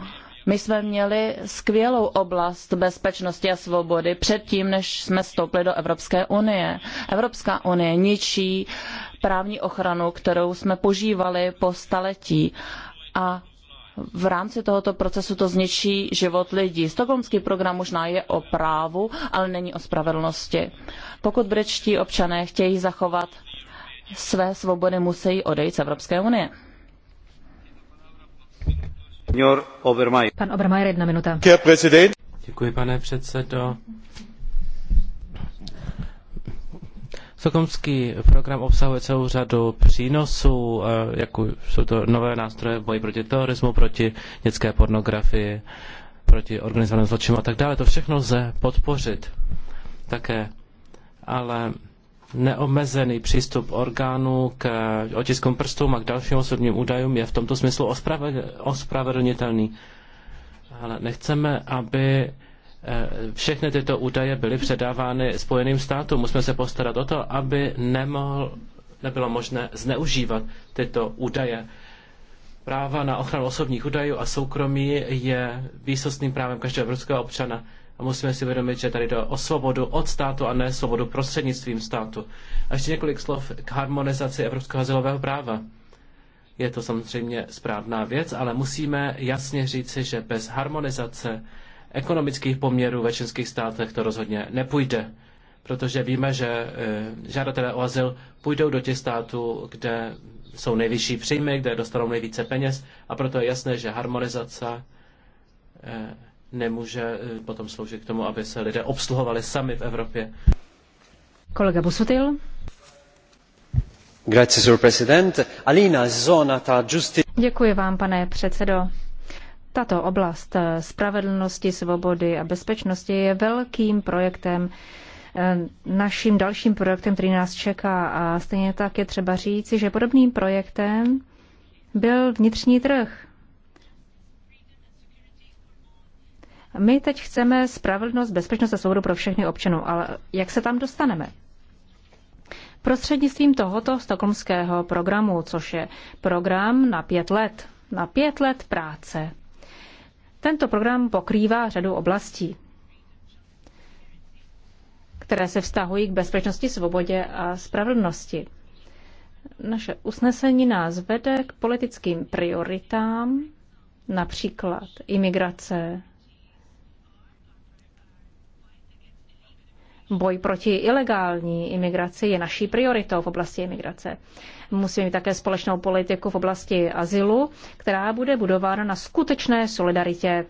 My jsme měli skvělou oblast bezpečnosti a svobody předtím, než jsme vstoupili do Evropské unie. Evropská unie ničí právní ochranu, kterou jsme požívali po staletí. A v rámci tohoto procesu to zničí život lidí. Stokholmský program možná je o právu, ale není o spravedlnosti. Pokud britští občané chtějí zachovat své svobody, musí odejít z Evropské unie. Pan Obermeier, jedna minuta. Děkuji, pane předsedo. Sokomský program obsahuje celou řadu přínosů, eh, jako jsou to nové nástroje v boji proti terorismu, proti dětské pornografii, proti organizovanému zločinu a tak dále. To všechno lze podpořit také. Ale neomezený přístup orgánů k otiskům prstům a k dalším osobním údajům je v tomto smyslu ospravedlnitelný. Ale nechceme, aby eh, všechny tyto údaje byly předávány Spojeným státům. Musíme se postarat o to, aby nemohl, nebylo možné zneužívat tyto údaje. Práva na ochranu osobních údajů a soukromí je výsostným právem každého evropského občana a musíme si uvědomit, že tady jde o svobodu od státu a ne svobodu prostřednictvím státu. A ještě několik slov k harmonizaci evropského azylového práva. Je to samozřejmě správná věc, ale musíme jasně říci, že bez harmonizace ekonomických poměrů ve českých státech to rozhodně nepůjde. Protože víme, že eh, žadatelé o azyl půjdou do těch států, kde jsou nejvyšší příjmy, kde dostanou nejvíce peněz a proto je jasné, že harmonizace eh, nemůže eh, potom sloužit k tomu, aby se lidé obsluhovali sami v Evropě. Kolega Busutil. Grazie, sur president. Alina, zona ta justi... Děkuji vám, pane předsedo. Tato oblast eh, spravedlnosti, svobody a bezpečnosti je velkým projektem, eh, naším dalším projektem, který nás čeká. A stejně tak je třeba říci, že podobným projektem byl vnitřní trh My teď chceme spravedlnost, bezpečnost a svobodu pro všechny občanů, ale jak se tam dostaneme? Prostřednictvím tohoto stokholmského programu, což je program na pět let, na pět let práce. Tento program pokrývá řadu oblastí, které se vztahují k bezpečnosti, svobodě a spravedlnosti. Naše usnesení nás vede k politickým prioritám, například imigrace, Boj proti ilegální imigraci je naší prioritou v oblasti imigrace. Musíme mít také společnou politiku v oblasti azylu, která bude budována na skutečné solidaritě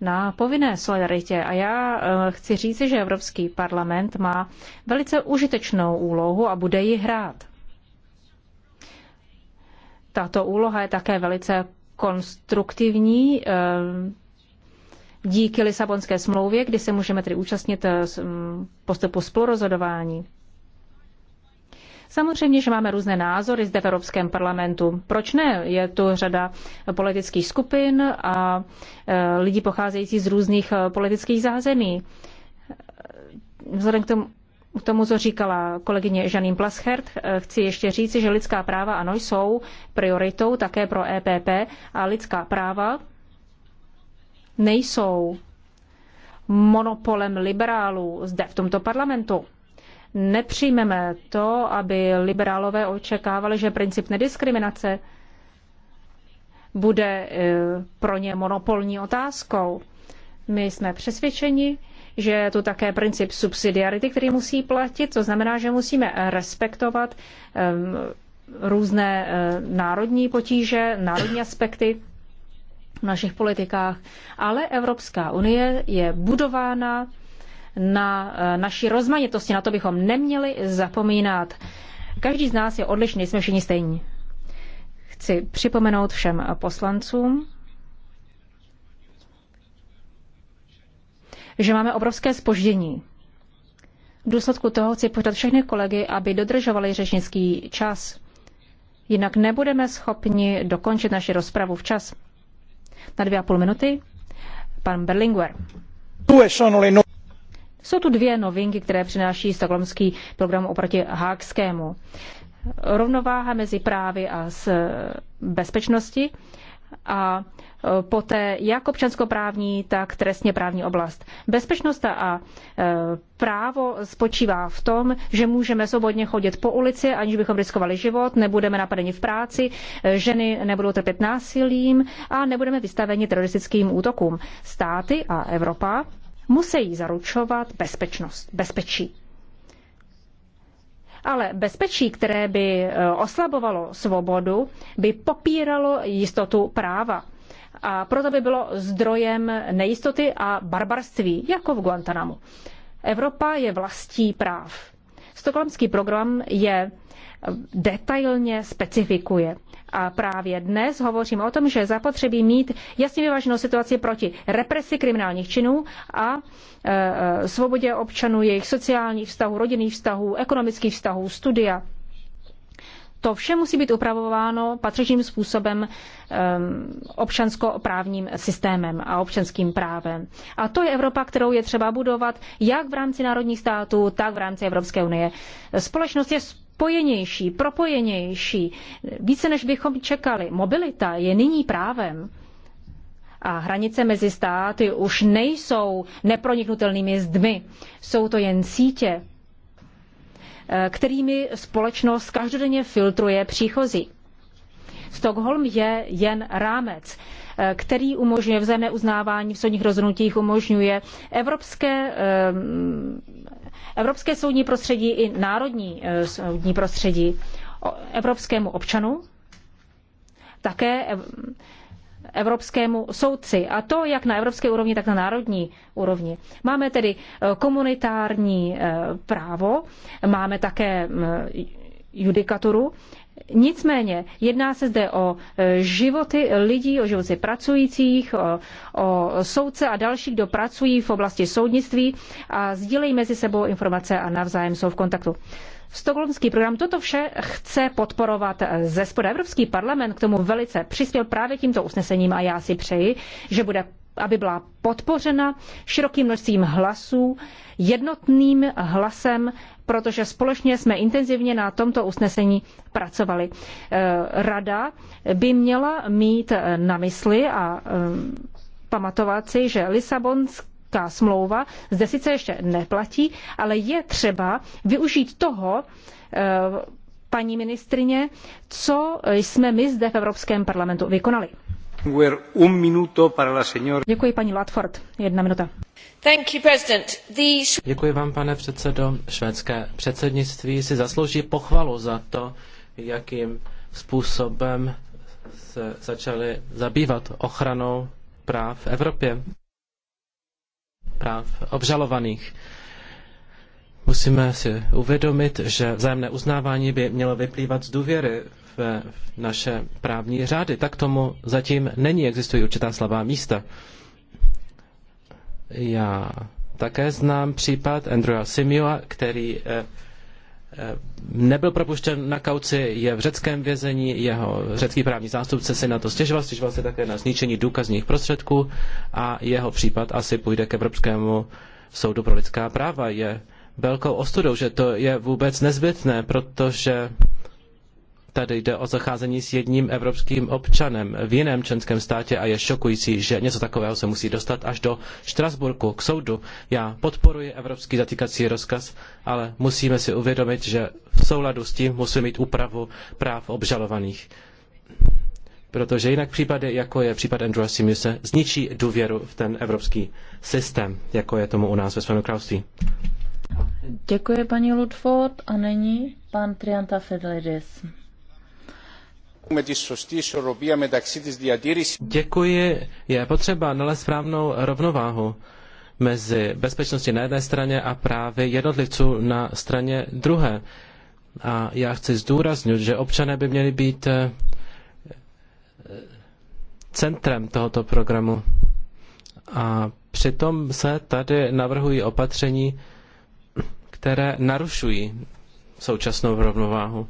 na povinné solidaritě. A já eh, chci říci, že Evropský parlament má velice užitečnou úlohu a bude ji hrát. Tato úloha je také velice konstruktivní eh, díky Lisabonské smlouvě, kdy se můžeme tedy účastnit eh, mm, postupu spolurozhodování. Samozřejmě, že máme různé názory zde v Evropském parlamentu. Proč ne? Je tu řada politických skupin a eh, lidí pocházející z různých eh, politických zázemí. Vzhledem k tomu, k tomu, co říkala kolegyně Janine Plaschert, chci ještě říci, že lidská práva ano jsou prioritou také pro EPP a lidská práva nejsou monopolem liberálů zde v tomto parlamentu. Nepřijmeme to, aby liberálové očekávali, že princip nediskriminace bude e, pro ně monopolní otázkou. My jsme přesvědčeni, že je tu také princip subsidiarity, který musí platit, to znamená, že musíme respektovat e, různé e, národní potíže, národní aspekty v našich politikách, ale Evropská unie je budována na eh, naší rozmanitosti, na to bychom neměli zapomínat. Každý z nás je odlišný, jsme všichni stejní. Chci připomenout všem poslancům, že máme obrovské spoždění. V důsledku toho chci požádat všechny kolegy, aby dodržovali řečnický čas. Jinak nebudeme schopni dokončit naši rozpravu včas na dvě a půl minuty. Pan Berlinguer. No- Jsou tu dvě novinky, které přináší stokholmský program oproti hákskému. Rovnováha mezi právy a s eh, bezpečnosti a Eh, poté jak občanskoprávní, tak trestně právní oblast. Bezpečnost a eh, právo spočívá v tom, že můžeme svobodně chodit po ulici, aniž bychom riskovali život, nebudeme napadeni v práci, eh, ženy nebudou trpět násilím a nebudeme vystaveni teroristickým útokům. Státy a Evropa musí zaručovat bezpečnost, bezpečí. Ale bezpečí, které by oslabovalo svobodu, by popíralo jistotu práva a proto by bylo zdrojem nejistoty a barbarství, jako v Guantanamu. Evropa je vlastí práv. Stokholmský program je eh, detailně specifikuje. A právě dnes hovořím o tom, že zapotřebí mít jasně vyváženou situaci proti represi kriminálních činů a e, svobodě občanů, jejich sociálních vztahů, rodinných vztahů, ekonomických vztahů, studia to vše musí být upravováno patřičným způsobem eh, občanskoprávním systémem a občanským právem. A to je Evropa, kterou je třeba budovat jak v rámci národních států, tak v rámci Evropské unie. Společnost je spojenější, propojenější, více než bychom čekali. Mobilita je nyní právem a hranice mezi státy už nejsou neproniknutelnými zdmi. Jsou to jen sítě, Eh, kterými společnost každodenně filtruje příchozí. Stockholm je jen rámec, eh, který umožňuje vzájemné uznávání v soudních rozhodnutích, umožňuje evropské, eh, evropské soudní prostředí i národní soudní prostředí evropskému občanu, také evropskému soudci. A to jak na evropské úrovni, tak na národní úrovni. Máme tedy eh, komunitární eh, právo, máme také eh, judikaturu. Nicméně jedná se zde o životy lidí, o životy pracujících, o, o soudce a dalších, kdo pracují v oblasti soudnictví a sdílejí mezi sebou informace a navzájem jsou v kontaktu. Stokholmský program toto vše chce podporovat ze spoda. Evropský parlament k tomu velice přispěl právě tímto usnesením a já si přeji, že bude aby byla podpořena širokým množstvím hlasů, jednotným hlasem, protože společně jsme intenzivně na tomto usnesení pracovali. Eh, Rada by měla mít na mysli a eh, pamatovat si, že Lisabonský Lisabonská smlouva zde sice ještě neplatí, ale je třeba využít toho, eh, paní ministrině, co jsme my zde v Evropském parlamentu vykonali. Děkuji, paní Latford. Jedna minuta. Děkuji vám, pane předsedo. Švédské předsednictví si zaslouží pochvalu za to, jakým způsobem se začali zabývat ochranou práv v Evropě práv obžalovaných. Musíme si uvědomit, že vzájemné uznávání by mělo vyplývat z důvěry v naše právní řády. Tak tomu zatím není, existují určitá slabá místa. Já také znám případ Andrewa Simua, který eh, Eh, nebyl propuštěn na kauci, je v řeckém vězení, jeho řecký právní zástupce si na to stěžoval, stěžoval se také na zničení důkazních prostředků a jeho případ asi půjde k Evropskému soudu pro lidská práva. Je velkou ostudou, že to je vůbec nezbytné, protože Tady jde o zacházení s jedním evropským občanem v jiném členském státě a je šokující, že něco takového se musí dostat až do Štrasburku, k soudu. Já podporuji evropský zatýkací rozkaz, ale musíme si uvědomit, že v souladu s tím musíme mít úpravu práv obžalovaných. Protože jinak případy, jako je případ Andrewa Simuse, zničí důvěru v ten evropský systém, jako je tomu u nás ve svém království. Děkuji paní Ludford a není pan Trianta Fedlidis. Děkuji. Je potřeba nalézt správnou rovnováhu mezi bezpečností na jedné straně a právě jednotlivců na straně druhé. A já chci zdůraznit, že občané by měli být eh, centrem tohoto programu. A přitom se tady navrhují opatření, které narušují současnou rovnováhu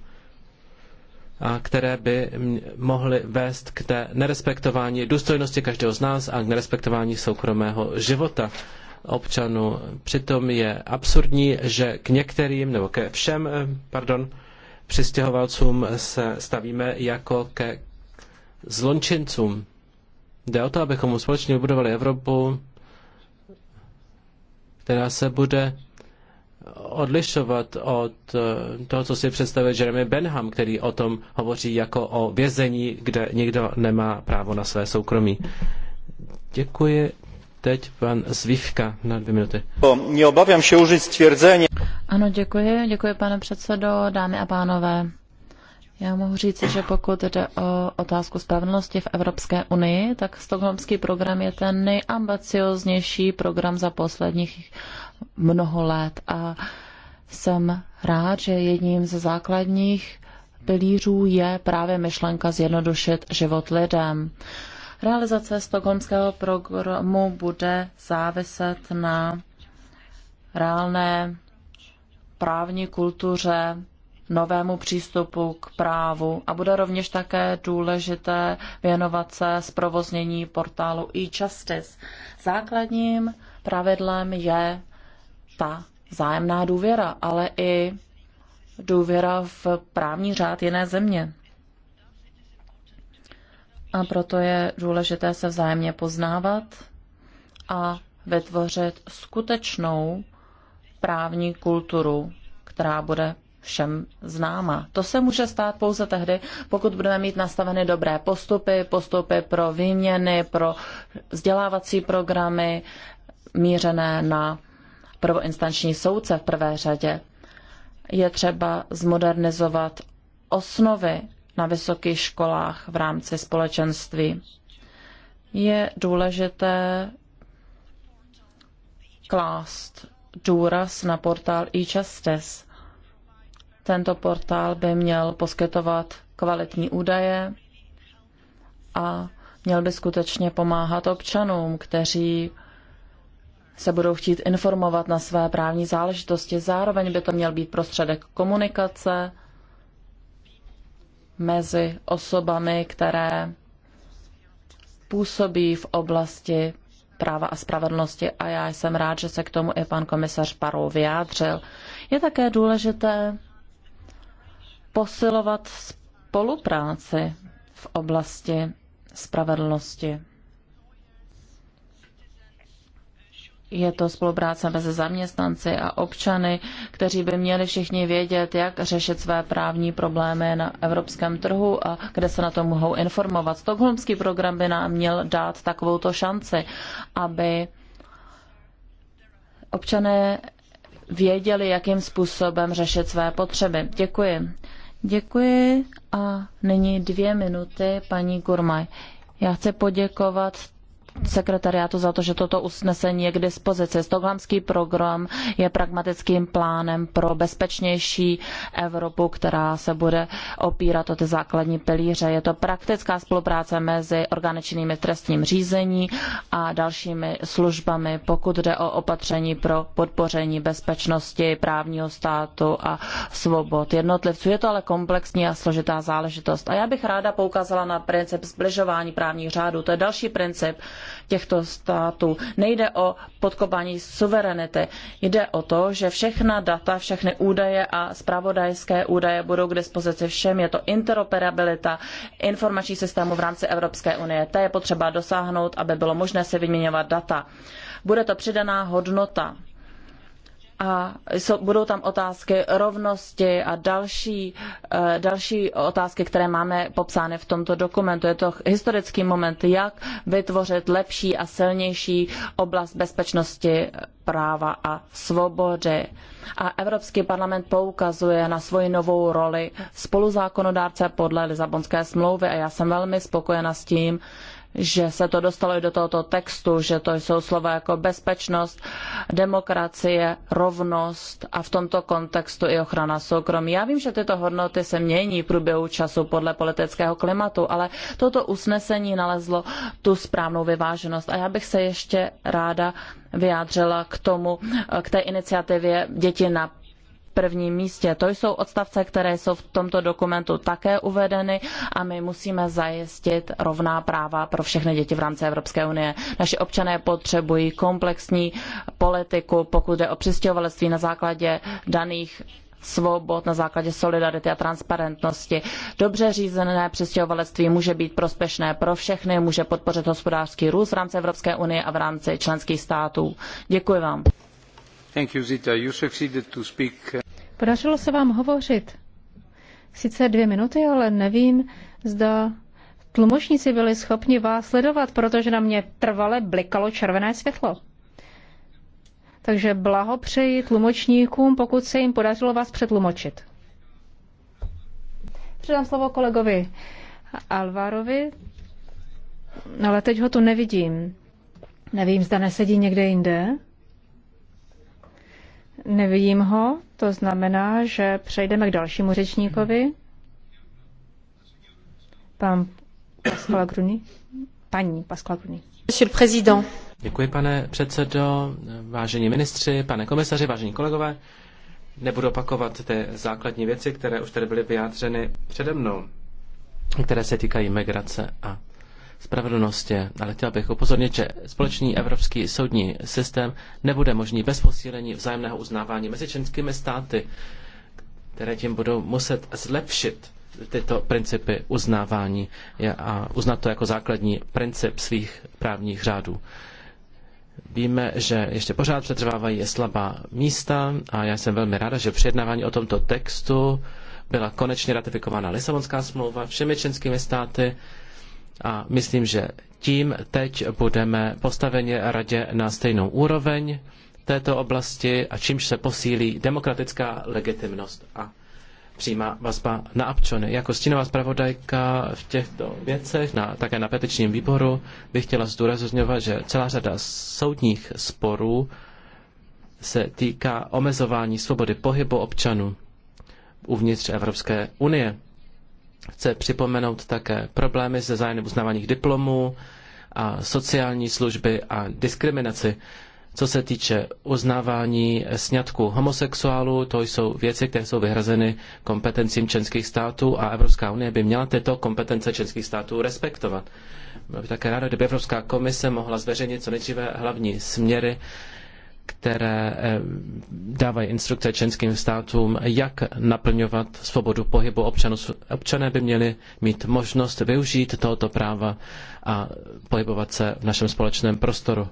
a které by mohly vést k té nerespektování důstojnosti každého z nás a k nerespektování soukromého života občanů. Přitom je absurdní, že k některým nebo ke všem, eh, pardon, přistěhovalcům se stavíme jako ke zlončincům. Jde o to, abychom společně vybudovali Evropu, která se bude odlišovat od eh, toho, co si představuje Jeremy Benham, který o tom hovoří jako o vězení, kde nikdo nemá právo na své soukromí. Děkuji. Teď pan Zvívka na dvě minuty. Neobávám se užít stvrzení. Ano, děkuji. Děkuji, pane předsedo, dámy a pánové. Já mohu říct, že pokud jde o otázku spravedlnosti v Evropské unii, tak stokholmský program je ten nejambicioznější program za posledních mnoho let a jsem rád, že jedním ze základních pilířů je právě myšlenka zjednodušit život lidem. Realizace stokholmského programu bude záviset na reálné právní kultuře, novému přístupu k právu a bude rovněž také důležité věnovat se zprovoznění portálu e-justice. Základním pravidlem je ta zájemná důvěra, ale i důvěra v právní řád jiné země. A proto je důležité se vzájemně poznávat a vytvořit skutečnou právní kulturu, která bude všem známa. To se může stát pouze tehdy, pokud budeme mít nastaveny dobré postupy, postupy pro výměny, pro vzdělávací programy mířené na prvoinstanční soudce v prvé řadě. Je třeba zmodernizovat osnovy na vysokých školách v rámci společenství. Je důležité klást důraz na portál e-justice. Tento portál by měl poskytovat kvalitní údaje a měl by skutečně pomáhat občanům, kteří se budou chtít informovat na své právní záležitosti. Zároveň by to měl být prostředek komunikace mezi osobami, které působí v oblasti práva a spravedlnosti a já jsem rád, že se k tomu i pan komisař Parou vyjádřil. Je také důležité posilovat spolupráci v oblasti spravedlnosti. Je to spolupráce mezi zaměstnanci a občany, kteří by měli všichni vědět, jak řešit své právní problémy na evropském trhu a kde se na to mohou informovat. Stockholmský program by nám měl dát takovou šanci, aby občané věděli, jakým způsobem řešit své potřeby. Děkuji. Děkuji a nyní dvě minuty paní Gurmaj. Já chci poděkovat sekretariátu za to, že toto usnesení je k dispozici. Stockholmský program je pragmatickým plánem pro bezpečnější Evropu, která se bude opírat o ty základní pilíře. Je to praktická spolupráce mezi organičnými trestním řízení a dalšími službami, pokud jde o opatření pro podpoření bezpečnosti, právního státu a svobod jednotlivců. Je to ale komplexní a složitá záležitost. A já bych ráda poukázala na princip zbližování právních řádů. To je další princip, těchto států. Nejde o podkopání suverenity. Jde o to, že všechna data, všechny údaje a zpravodajské údaje budou k dispozici všem. Je to interoperabilita informačních systémů v rámci Evropské unie. Té je potřeba dosáhnout, aby bylo možné si vyměňovat data. Bude to přidaná hodnota a jsou, budou tam otázky rovnosti a další, eh, další otázky, které máme popsány v tomto dokumentu. Je to historický moment, jak vytvořit lepší a silnější oblast bezpečnosti práva a svobody. A Evropský parlament poukazuje na svoji novou roli spoluzákonodárce podle Lisabonské smlouvy a já jsem velmi spokojena s tím, že se to dostalo i do tohoto textu, že to jsou slova jako bezpečnost, demokracie, rovnost a v tomto kontextu i ochrana soukromí. Já vím, že tyto hodnoty se mění v průběhu času podle politického klimatu, ale toto usnesení nalezlo tu správnou vyváženost. A já bych se ještě ráda vyjádřila k tomu, k té iniciativě Děti na prvním místě. To jsou odstavce, které jsou v tomto dokumentu také uvedeny a my musíme zajistit rovná práva pro všechny děti v rámci Evropské unie. Naši občané potřebují komplexní politiku, pokud jde o přistěhovalectví na základě daných svobod na základě solidarity a transparentnosti. Dobře řízené přistěhovalectví může být prospešné pro všechny, může podpořit hospodářský růst v rámci Evropské unie a v rámci členských států. Děkuji vám. Thank you, Zita. You Podařilo se vám hovořit sice dvě minuty, ale nevím, zda tlumočníci byli schopni vás sledovat, protože na mě trvale blikalo červené světlo. Takže blahopřeji tlumočníkům, pokud se jim podařilo vás přetlumočit. Předám slovo kolegovi Alvarovi, ale teď ho tu nevidím. Nevím, zda nesedí někde jinde. Nevidím ho, to znamená, že přejdeme k dalšímu řečníkovi. Pan Pascal Gruny. Paní Pascal Gruny. Monsieur le Président. Děkuji, pane předsedo, vážení ministři, pane komisaři, vážení kolegové. Nebudu opakovat ty základní věci, které už tady byly vyjádřeny přede mnou, které se týkají migrace a spravedlnosti. Ale chtěl bych upozornit, že společný evropský soudní systém nebude možný bez posílení vzájemného uznávání mezi členskými státy, které tím budou muset zlepšit tyto principy uznávání a uznat to jako základní princip svých právních řádů. Víme, že ještě pořád přetrvávají slabá místa a já jsem velmi ráda, že přijednávání o tomto textu byla konečně ratifikována Lisabonská smlouva všemi členskými státy a myslím, že tím teď budeme postaveni radě na stejnou úroveň této oblasti a čímž se posílí demokratická legitimnost a přímá vazba na občany. Jako stínová zpravodajka v těchto věcech, na, také na petičním výboru, bych chtěla zdůrazňovat, že celá řada soudních sporů se týká omezování svobody pohybu občanů uvnitř Evropské unie. Chce připomenout také problémy se zájmem uznávaných diplomů a sociální služby a diskriminaci. Co se týče uznávání sňatku homosexuálů, to jsou věci, které jsou vyhrazeny kompetencím členských států a Evropská unie by měla tyto kompetence členských států respektovat. Bylo bych také ráda, kdyby Evropská komise mohla zveřejnit co nejdříve hlavní směry které eh, dávají instrukce členským státům, jak naplňovat svobodu pohybu občanů. Občané by měli mít možnost využít tohoto práva a pohybovat se v našem společném prostoru.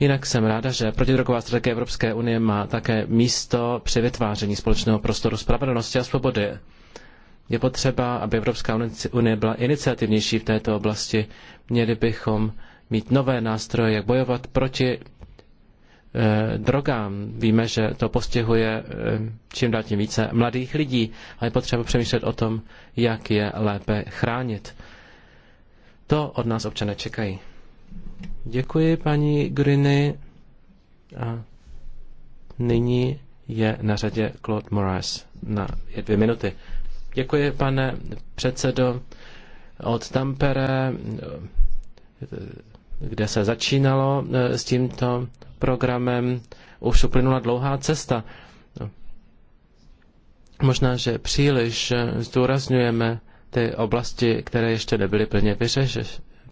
Jinak jsem ráda, že protidrogová strategie Evropské unie má také místo při vytváření společného prostoru spravedlnosti a svobody. Je potřeba, aby Evropská unie byla iniciativnější v této oblasti. Měli bychom mít nové nástroje, jak bojovat proti Eh, drogám. Víme, že to postihuje eh, čím dál tím více mladých lidí a je potřeba přemýšlet o tom, jak je lépe chránit. To od nás občané čekají. Děkuji paní Griny a nyní je na řadě Claude Morris na dvě minuty. Děkuji, pane předsedo. Od Tampere, eh, kde se začínalo s tímto programem už uplynula dlouhá cesta. Možná, že příliš zdůrazňujeme ty oblasti, které ještě nebyly plně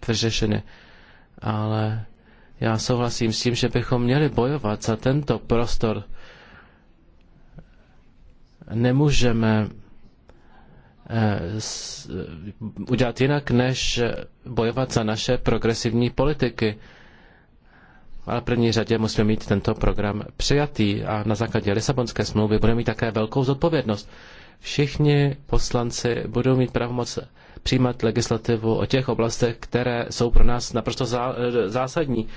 vyřešeny, ale já souhlasím s tím, že bychom měli bojovat za tento prostor. Nemůžeme eh, udělat jinak, než bojovat za naše progresivní politiky. Ale v první řadě musíme mít tento program přijatý a na základě Lisabonské smlouvy budeme mít také velkou zodpovědnost. Všichni poslanci budou mít pravomoc přijímat legislativu o těch oblastech, které jsou pro nás naprosto zásadní.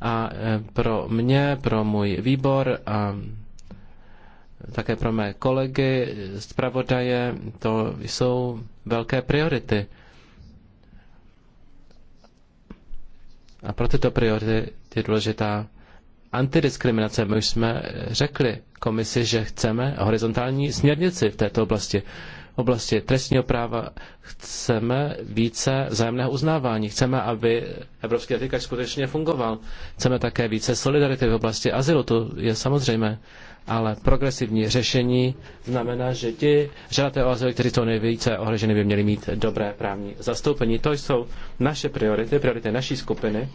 A e, pro mě, pro můj výbor a také pro mé kolegy zpravodaje, to jsou velké priority. A pro tyto priority je důležitá antidiskriminace. My už jsme řekli komisi, že chceme horizontální směrnici v této oblasti. V oblasti trestního práva chceme více vzájemného uznávání. Chceme, aby evropský jazykač skutečně fungoval. Chceme také více solidarity v oblasti azylu, to je samozřejmé. Ale progresivní řešení znamená, že ti žadatelé o azyl, kteří jsou nejvíce ohroženi, by měli mít dobré právní zastoupení. To jsou naše priority, priority naší skupiny.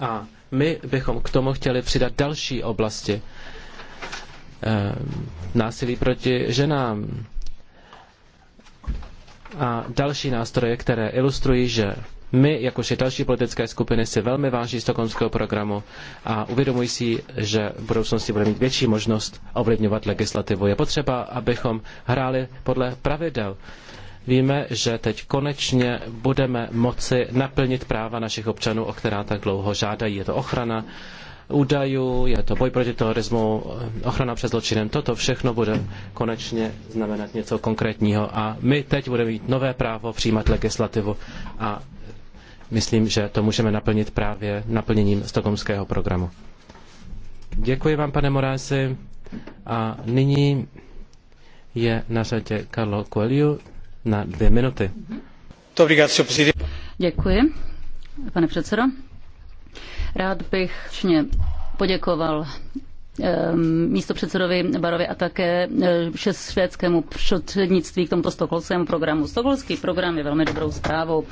A my bychom k tomu chtěli přidat další oblasti. Eh, násilí proti ženám a další nástroje, které ilustrují, že my, jakož i další politické skupiny, si velmi váží stokholmského programu a uvědomují si, že v budoucnosti bude mít větší možnost ovlivňovat legislativu. Je potřeba, abychom hráli podle pravidel. Víme, že teď konečně budeme moci naplnit práva našich občanů, o která tak dlouho žádají. Je to ochrana údajů, je to boj proti terorismu, ochrana před zločinem. Toto všechno bude konečně znamenat něco konkrétního a my teď budeme mít nové právo přijímat legislativu a myslím, že to můžeme naplnit právě naplněním Stokomského programu. Děkuji vám, pane Morási. A nyní je na řadě Carlo Coelho na dvě minuty. Děkuji, pane předsedo. Rád bych všichni poděkoval ehm, místo předsedovi Barovi a také eh, švédskému předsednictví k tomuto stokholskému programu. Stokholský program je velmi dobrou zprávou.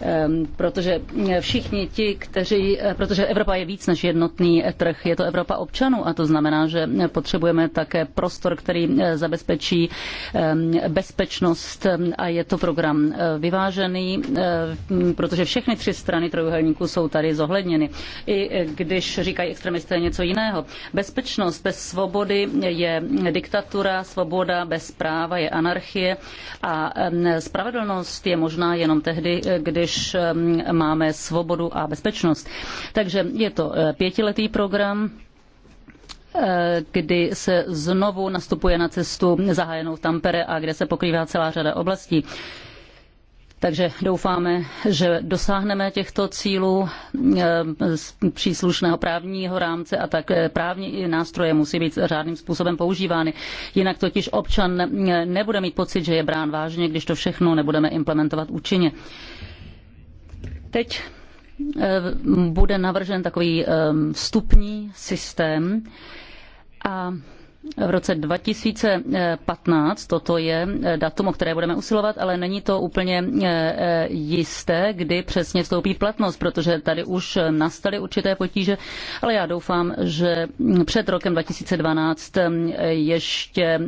Ehm, protože eh, všichni ti, kteří, eh, protože Evropa je víc než jednotný eh, trh, je to Evropa občanů a to znamená, že potřebujeme také prostor, který zabezpečí ehm, bezpečnost ehm, a je to program vyvážený, protože všechny tři strany trojuhelníku jsou tady zohledněny. I když říkají extremisté něco jiného. Bezpečnost bez svobody je diktatura, svoboda bez práva je anarchie a spravedlnost je možná jenom tehdy, když když máme svobodu a bezpečnost. Takže je to eh, pětiletý program eh, kdy se znovu nastupuje na cestu zahájenou v Tampere a kde se pokrývá celá řada oblastí. Takže doufáme, že dosáhneme těchto cílů eh, z příslušného právního rámce a tak právní nástroje musí být řádným způsobem používány. Jinak totiž občan nebude mít pocit, že je brán vážně, když to všechno nebudeme implementovat účinně. Teď eh, bude navržen takový eh, vstupní systém a v roce 2015 toto je eh, datum, o které budeme usilovat, ale není to úplně eh, eh, jisté, kdy přesně vstoupí v platnost, protože tady už nastaly určité potíže, ale já doufám, že mm, před rokem 2012 ještě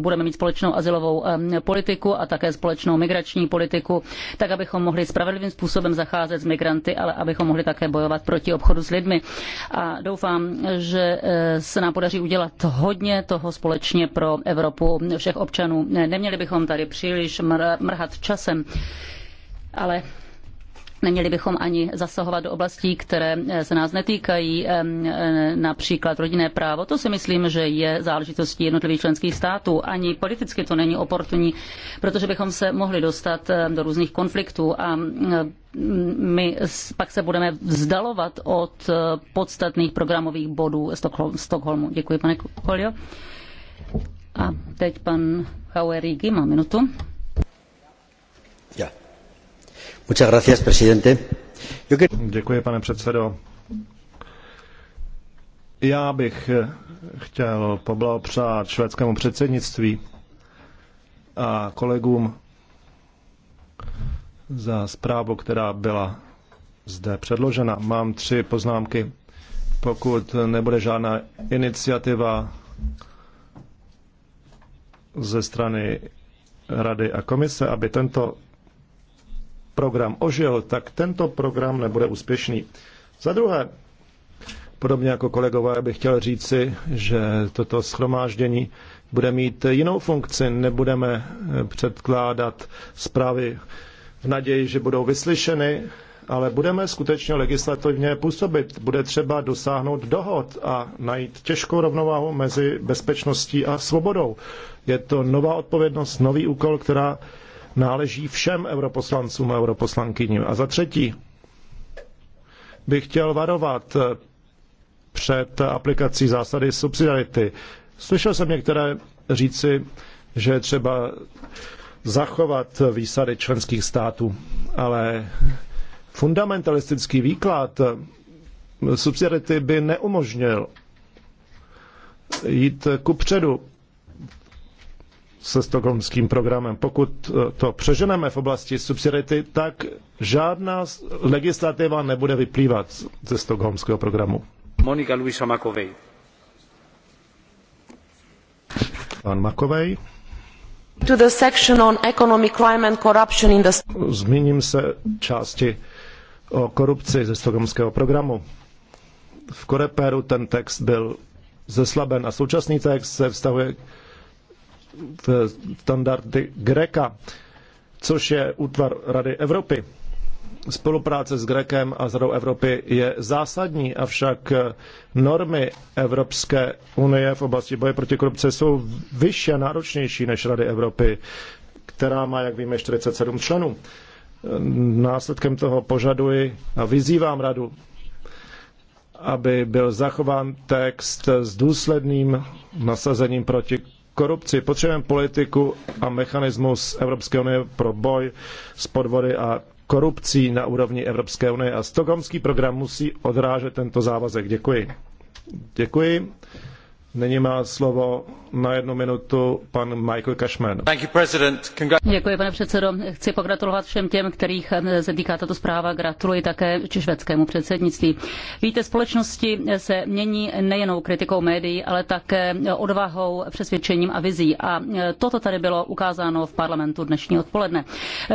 budeme mít společnou azylovou politiku a také společnou migrační politiku, tak abychom mohli spravedlivým způsobem zacházet s migranty, ale abychom mohli také bojovat proti obchodu s lidmi. A doufám, že se nám podaří udělat hodně hodně toho společně pro Evropu všech občanů. Neměli bychom tady příliš mrhat časem, ale Neměli bychom ani zasahovat do oblastí, které eh, se nás netýkají, eh, eh, například rodinné právo. To si myslím, že je záležitostí jednotlivých členských států. Ani politicky to není oportunní, protože bychom se mohli dostat do různých konfliktů a my pak se budeme vzdalovat od podstatných programových bodů Stockholmu. Děkuji, pane Kolio. A teď pan Hauerigi má minutu pane předsedající Já bych chtěl poblahopřát švédskému předsednictví a kolegům za zprávu, která byla zde předložena. Mám tři poznámky. Pokud nebude žádná iniciativa ze strany Rady a komise, aby tento program ožil, tak tento program nebude úspěšný. Za druhé, podobně jako kolegové, bych chtěl říci, že toto schromáždění bude mít jinou funkci. Nebudeme eh, předkládat zprávy v naději, že budou vyslyšeny, ale budeme skutečně legislativně působit. Bude třeba dosáhnout dohod a najít těžkou rovnováhu mezi bezpečností a svobodou. Je to nová odpovědnost, nový úkol, která náleží všem europoslancům a europoslankyním. A za třetí bych chtěl varovat před aplikací zásady subsidiarity. Slyšel jsem některé říci, že je třeba zachovat výsady členských států, ale fundamentalistický výklad subsidiarity by neumožnil jít ku předu se stokholmským programem. Pokud eh, to přeženeme v oblasti subsidiarity, tak žádná legislativa nebude vyplývat ze stokholmského programu. Monika Luisa Makovej. Pan Makovej. To the section on economic crime and corruption in the... Zmíním se části o korupci ze stokholmského programu. V Koreperu ten text byl zeslaben a současný text se vztahuje standardy Greka, což je útvar Rady Evropy. Spolupráce s Grekem a s Radou Evropy je zásadní, avšak normy Evropské unie v oblasti boje proti korupci jsou vyšší a náročnější než Rady Evropy, která má, jak víme, 47 členů. Následkem toho požaduji a vyzývám Radu, aby byl zachován text s důsledným nasazením proti korupci. Potřebujeme politiku a mechanismus Evropské unie pro boj s podvody a korupcí na úrovni Evropské unie a stokholmský program musí odrážet tento závazek. Děkuji. Děkuji. Nyní má slovo na jednu minutu pan Michael Cashman. Děkuji, pane předsedo. Chci pogratulovat všem těm, kterých eh, se týká tato zpráva. Gratuluji také švédskému předsednictví. Víte, společnosti se mění nejenom kritikou médií, ale také odvahou, přesvědčením a vizí. A eh, toto tady bylo ukázáno v parlamentu dnešní odpoledne.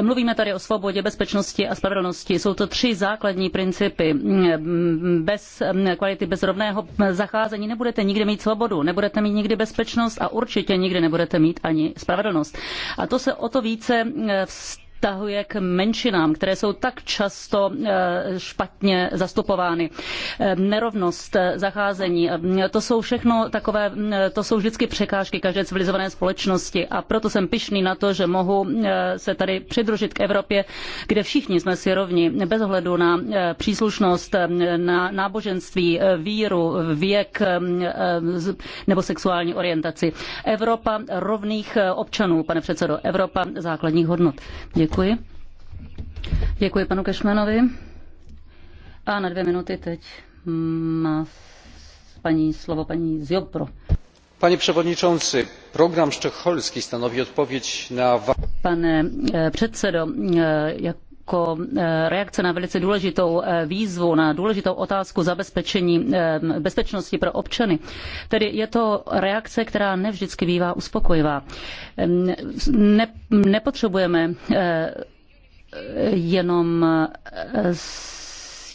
Mluvíme tady o svobodě, bezpečnosti a spravedlnosti. Jsou to tři základní principy. Mm, mm, bez mm, kvality, bez rovného zacházení nebudete nikdy mít svobodu, nebudete mít nikdy bezpečnost spravedlnost a určitě nikdy nebudete mít ani spravedlnost. A to se o to více eh, vst- vztahuje k menšinám, které jsou tak často eh, špatně zastupovány. Eh, nerovnost eh, zacházení, to jsou všechno takové, to jsou vždycky překážky každé civilizované společnosti a proto jsem pyšný na to, že mohu se tady přidružit k Evropě, kde všichni jsme si rovni, bez ohledu na příslušnost, na náboženství, víru, věk nebo sexuální orientaci. Evropa rovných občanů, pane předsedo, Evropa základních hodnot. Děkuji. Děkuji. Děkuji panu Kešmanovi. A na dvě minuty teď má paní slovo paní Ziobro. Panie przewodniczący, program sztokholmski stanowi odpowiedź na. Pane e, předsedo, e, jak jako eh, reakce na velice důležitou eh, výzvu, na důležitou otázku zabezpečení eh, bezpečnosti pro občany. Tedy je to reakce, která nevždycky bývá uspokojivá. Ehm, ne, nepotřebujeme jenom s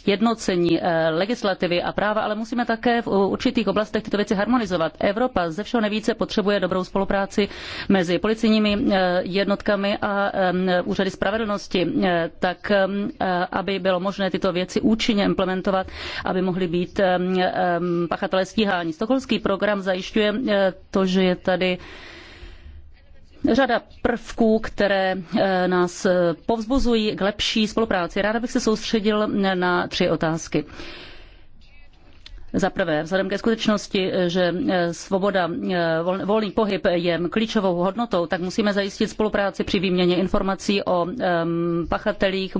jednocení eh, legislativy a práva, ale musíme také v určitých oblastech tyto věci harmonizovat. Evropa ze všeho nejvíce potřebuje dobrou spolupráci mezi policejními eh, jednotkami a eh, úřady spravedlnosti, tak aby bylo možné tyto věci účinně implementovat, aby mohly být pachatelé stíháni. Stokholmský program zajišťuje to, že je tady řada prvků, které eh, nás eh, povzbuzují k lepší spolupráci. Ráda bych se soustředil na tři otázky. Za prvé, vzhledem ke skutečnosti, že e, svoboda, e, volný pohyb je klíčovou hodnotou, tak musíme zajistit spolupráci při výměně informací o pachatelích,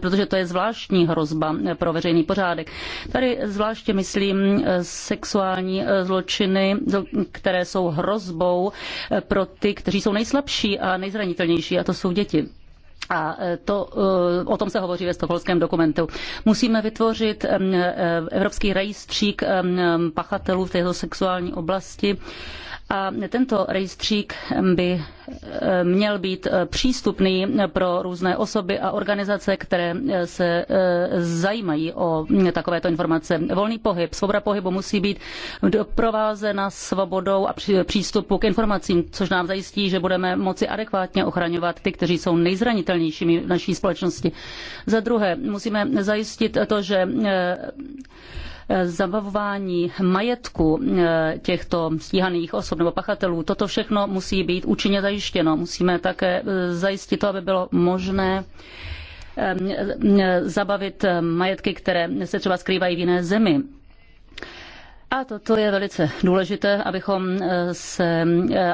protože to je zvláštní hrozba e, pro veřejný pořádek. Tady zvláště myslím sexuální zločiny, které jsou hrozbou pro ty, kteří jsou nejslabší a nejzranitelnější, a to jsou děti. A e, to, e, o tom se hovoří ve stokholském dokumentu. Musíme vytvořit e, evropský rejstřík pachatelů v této sexuální oblasti a tento rejstřík by eh, měl být eh, přístupný pro různé osoby a organizace, které eh, se zajímají o mm, takovéto informace. Volný pohyb, svoboda pohybu musí být doprovázena svobodou a přístupu k informacím, což nám zajistí, že budeme moci adekvátně ochraňovat ty, kteří jsou nejzranitelnějšími v naší společnosti. Za druhé, musíme zajistit to, že zabavování majetku eh, těchto stíhaných osob nebo pachatelů. Toto všechno musí být účinně zajištěno. Musíme také eh, zajistit to, aby bylo možné ehm, eh, zabavit majetky, které se třeba skrývají v jiné zemi. A toto je velice důležité, abychom se,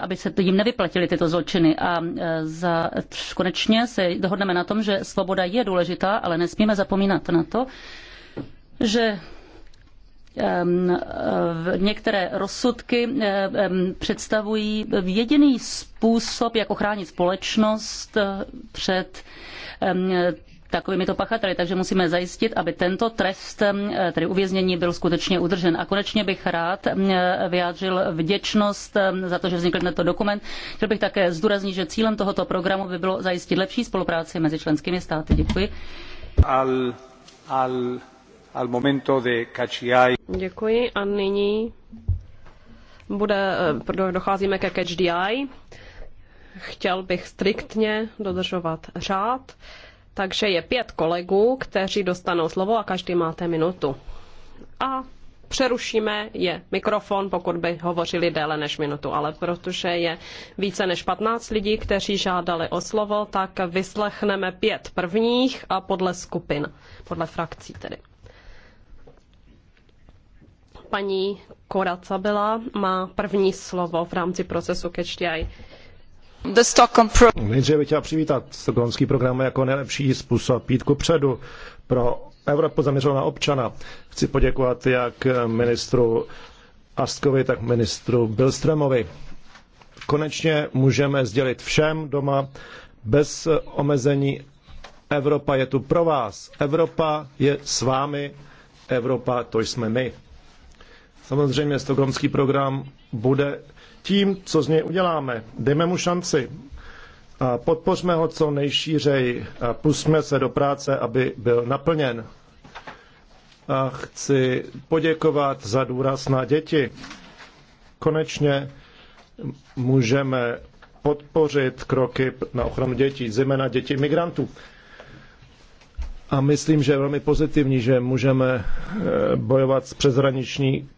aby se jim nevyplatily tyto zločiny. A za, konečně se dohodneme na tom, že svoboda je důležitá, ale nesmíme zapomínat na to, že Ehm, některé rozsudky ehm, ehm, představují jediný způsob, jak ochránit společnost eh, před takovými to pachateli, takže musíme zajistit, aby tento trest, tedy uvěznění, byl skutečně udržen. A konečně bych rád vyjádřil vděčnost za to, že vznikl tento dokument. Chtěl bych také zdůraznit, že cílem tohoto programu by bylo zajistit lepší spolupráci mezi členskými státy. Děkuji. Al, al... Děkuji a nyní bude, eh, docházíme ke Catch the Eye. Chtěl bych striktně dodržovat řád, takže je pět kolegů, kteří dostanou slovo a každý máte minutu. A přerušíme je mikrofon, pokud by hovořili déle než minutu, ale protože je více než 15 lidí, kteří žádali o slovo, tak vyslechneme pět prvních a podle skupin, podle frakcí tedy. Paní Koraca byla má první slovo v rámci procesu CatchDI. Pro... Nejdříve bych chtěla přivítat stokholmský program jako nejlepší způsob jít ku předu pro Evropu zaměřenou na občana. Chci poděkovat jak ministru Astkovi, tak ministru Bilstremovi. Konečně můžeme sdělit všem doma bez omezení Evropa je tu pro vás. Evropa je s vámi. Evropa to jsme my. Samozřejmě stokholmský program bude tím, co z něj uděláme. Dejme mu šanci. A podpořme ho co nejšířeji a pusme se do práce, aby byl naplněn. A chci poděkovat za důraz na děti. Konečně můžeme podpořit kroky na ochranu dětí, zejména dětí migrantů. A myslím, že je velmi pozitivní, že můžeme eh, bojovat s přezhraniční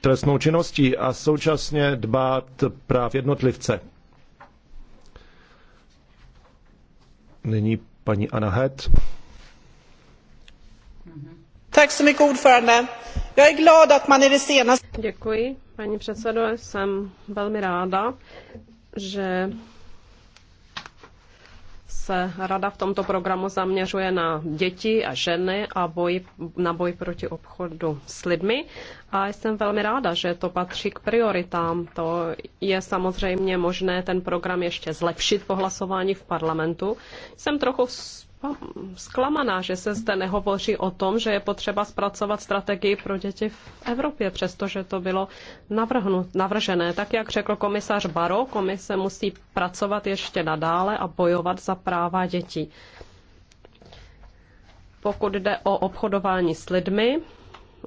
trestnou činností a současně dbát práv jednotlivce. Nyní paní Anna Het. Děkuji, paní předsedo, jsem velmi ráda, že se rada v tomto programu zaměřuje na děti a ženy a boj, na boj proti obchodu s lidmi. A jsem velmi ráda, že to patří k prioritám. To je samozřejmě možné ten program ještě zlepšit po hlasování v parlamentu. Jsem trochu No, zklamaná, že se zde nehovoří o tom, že je potřeba zpracovat strategii pro děti v Evropě, přestože to bylo navržené. Tak jak řekl komisař Baro, komise musí pracovat ještě nadále a bojovat za práva dětí. Pokud jde o obchodování s lidmi,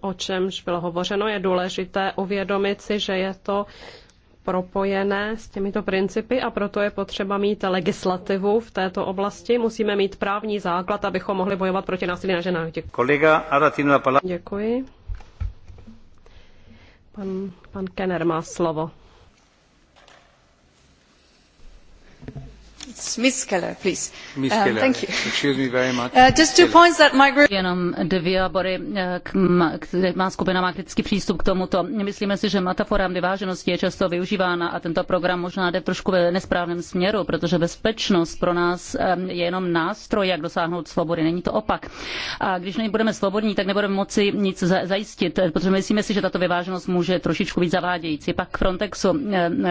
o čemž bylo hovořeno, je důležité uvědomit si, že je to propojené s těmito principy a proto je potřeba mít legislativu v této oblasti. Musíme mít právní základ, abychom mohli bojovat proti násilí na ženách. Děkuji. Děkuji. Pan, pan Kenner má slovo. just two points that my group... Jenom dvě obory, uh, kde má skupina má kritický přístup k tomuto. Myslíme si, že metafora vyváženosti je často využívána a tento program možná jde trošku ve nesprávném směru, protože bezpečnost pro nás um, je jenom nástroj, jak dosáhnout svobody. Není to opak. A když nebudeme svobodní, tak nebudeme moci nic zajistit, protože myslíme si, že tato vyváženost může trošičku být zavádějící. Pak Frontexu. Um,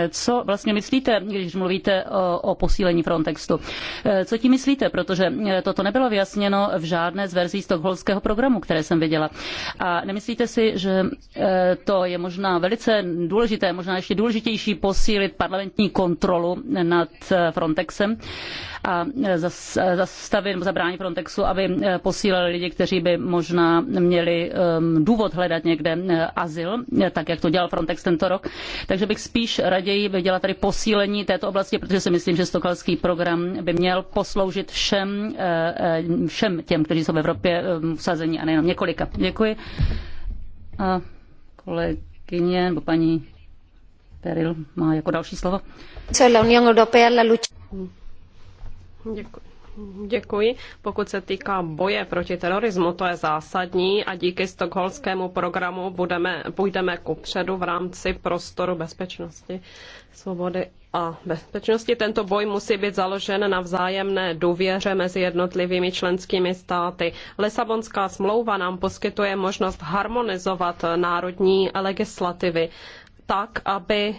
co vlastně myslíte, když mluvíte o, o posílení Frontexu? Frontexu. Eh, co tím myslíte? Protože eh, toto nebylo vyjasněno v žádné z verzí stokholmského programu, které jsem viděla. A nemyslíte si, že eh, to je možná velice důležité, možná ještě důležitější posílit parlamentní kontrolu nad Frontexem a zastavit nebo zabránit Frontexu, aby eh, posílali lidi, kteří by možná měli ehm, důvod hledat někde eh, azyl, eh, tak jak to dělal Frontex tento rok. Takže bych spíš raději viděla tady posílení této oblasti, protože si myslím, že stokholmský program by měl posloužit všem, všem těm, kteří jsou v Evropě ehm, usazení a nejenom několika. Děkuji. A kolegyně nebo paní Peril má jako další slovo. Co la Unión Europea la lucha Děkuji. Děkuji. Pokud se týká boje proti terorismu, to je zásadní a díky stokholskému programu budeme, půjdeme ku předu v rámci prostoru bezpečnosti, svobody a bezpečnosti. Tento boj musí být založen na vzájemné důvěře mezi jednotlivými členskými státy. Lisabonská smlouva nám poskytuje možnost harmonizovat národní legislativy tak, aby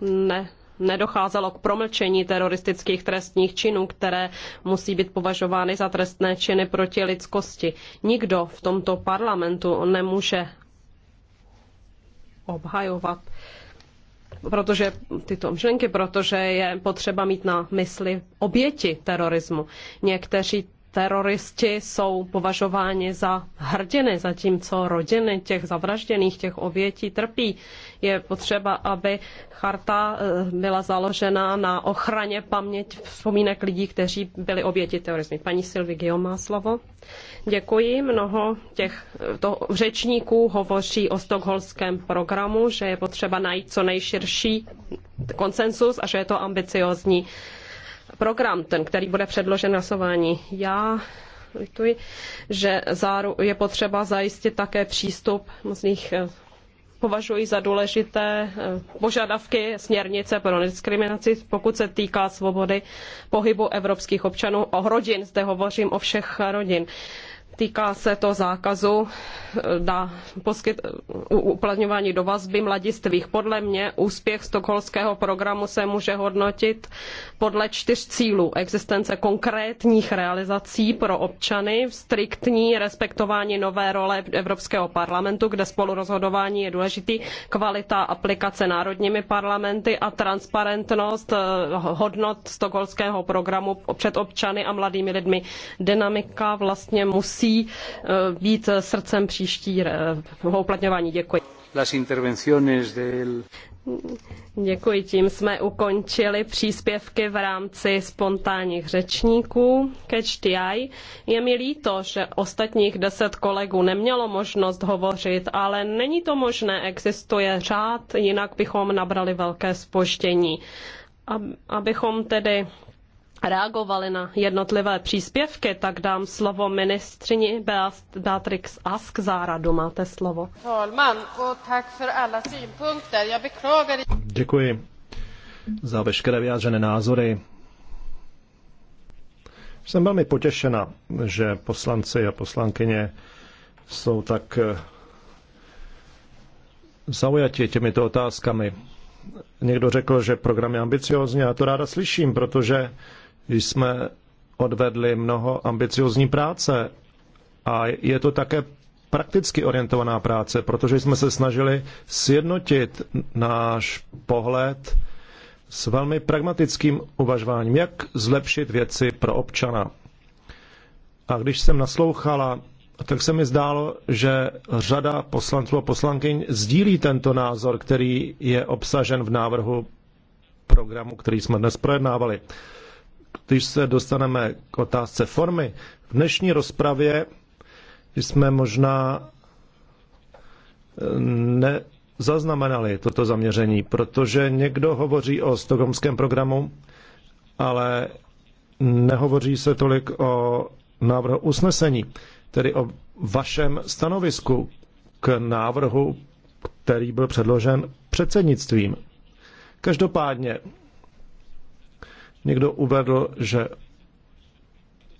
ne, nedocházelo k promlčení teroristických trestních činů, které musí být považovány za trestné činy proti lidskosti. Nikdo v tomto parlamentu nemůže obhajovat protože tyto myšlenky, protože je potřeba mít na mysli oběti terorismu. Někteří teroristi jsou považováni za hrdiny, zatímco rodiny těch zavražděných, těch obětí trpí. Je potřeba, aby charta eh, byla založena na ochraně paměť vzpomínek lidí, kteří byli oběti terorismu. Paní Silvi Gio má slovo. Děkuji. Mnoho těch eh, to, řečníků hovoří o stokholském programu, že je potřeba najít co nejširší konsensus a že je to ambiciozní program, ten, který bude předložen hlasování. Já lituji, že záru je potřeba zajistit také přístup možných eh, považuji za důležité eh, požadavky směrnice pro diskriminaci, pokud se týká svobody pohybu evropských občanů. O rodin zde hovořím o všech rodin. Týká se to zákazu eh, na poskyt, uplatňování do vazby mladistvých. Podle mě úspěch stokholského programu se může hodnotit podle čtyř cílů. Existence konkrétních realizací pro občany, striktní respektování nové role Evropského parlamentu, kde spolurozhodování je důležitý, kvalita aplikace národními parlamenty a transparentnost eh, hodnot stokholského programu před občany a mladými lidmi. Dynamika vlastně musí musí eh, být srdcem příští eh, uplatňování. Děkuji. Las intervenciones del... Děkuji, tím jsme ukončili příspěvky v rámci spontánních řečníků Catch the Eye. Je mi líto, že ostatních deset kolegů nemělo možnost hovořit, ale není to možné, existuje řád, jinak bychom nabrali velké spoštění. Abychom tedy reagovali na jednotlivé příspěvky, tak dám slovo ministřini Beatrix Ask Zára, Máte slovo. Děkuji za veškeré vyjádřené názory. Jsem velmi potěšena, že poslanci a poslankyně jsou tak eh, zaujati těmito otázkami. Někdo řekl, že program je ambiciózní a to ráda slyším, protože jsme odvedli mnoho ambiciozní práce a je to také prakticky orientovaná práce, protože jsme se snažili sjednotit náš pohled s velmi pragmatickým uvažováním, jak zlepšit věci pro občana. A když jsem naslouchala, tak se mi zdálo, že řada poslanců a poslankyň sdílí tento názor, který je obsažen v návrhu programu, který jsme dnes projednávali. Když se dostaneme k otázce formy, v dnešní rozpravě jsme možná eh, nezaznamenali toto zaměření, protože někdo hovoří o stokomském programu, ale nehovoří se tolik o návrhu usnesení, tedy o vašem stanovisku k návrhu, který byl předložen předsednictvím. Každopádně Někdo uvedl, že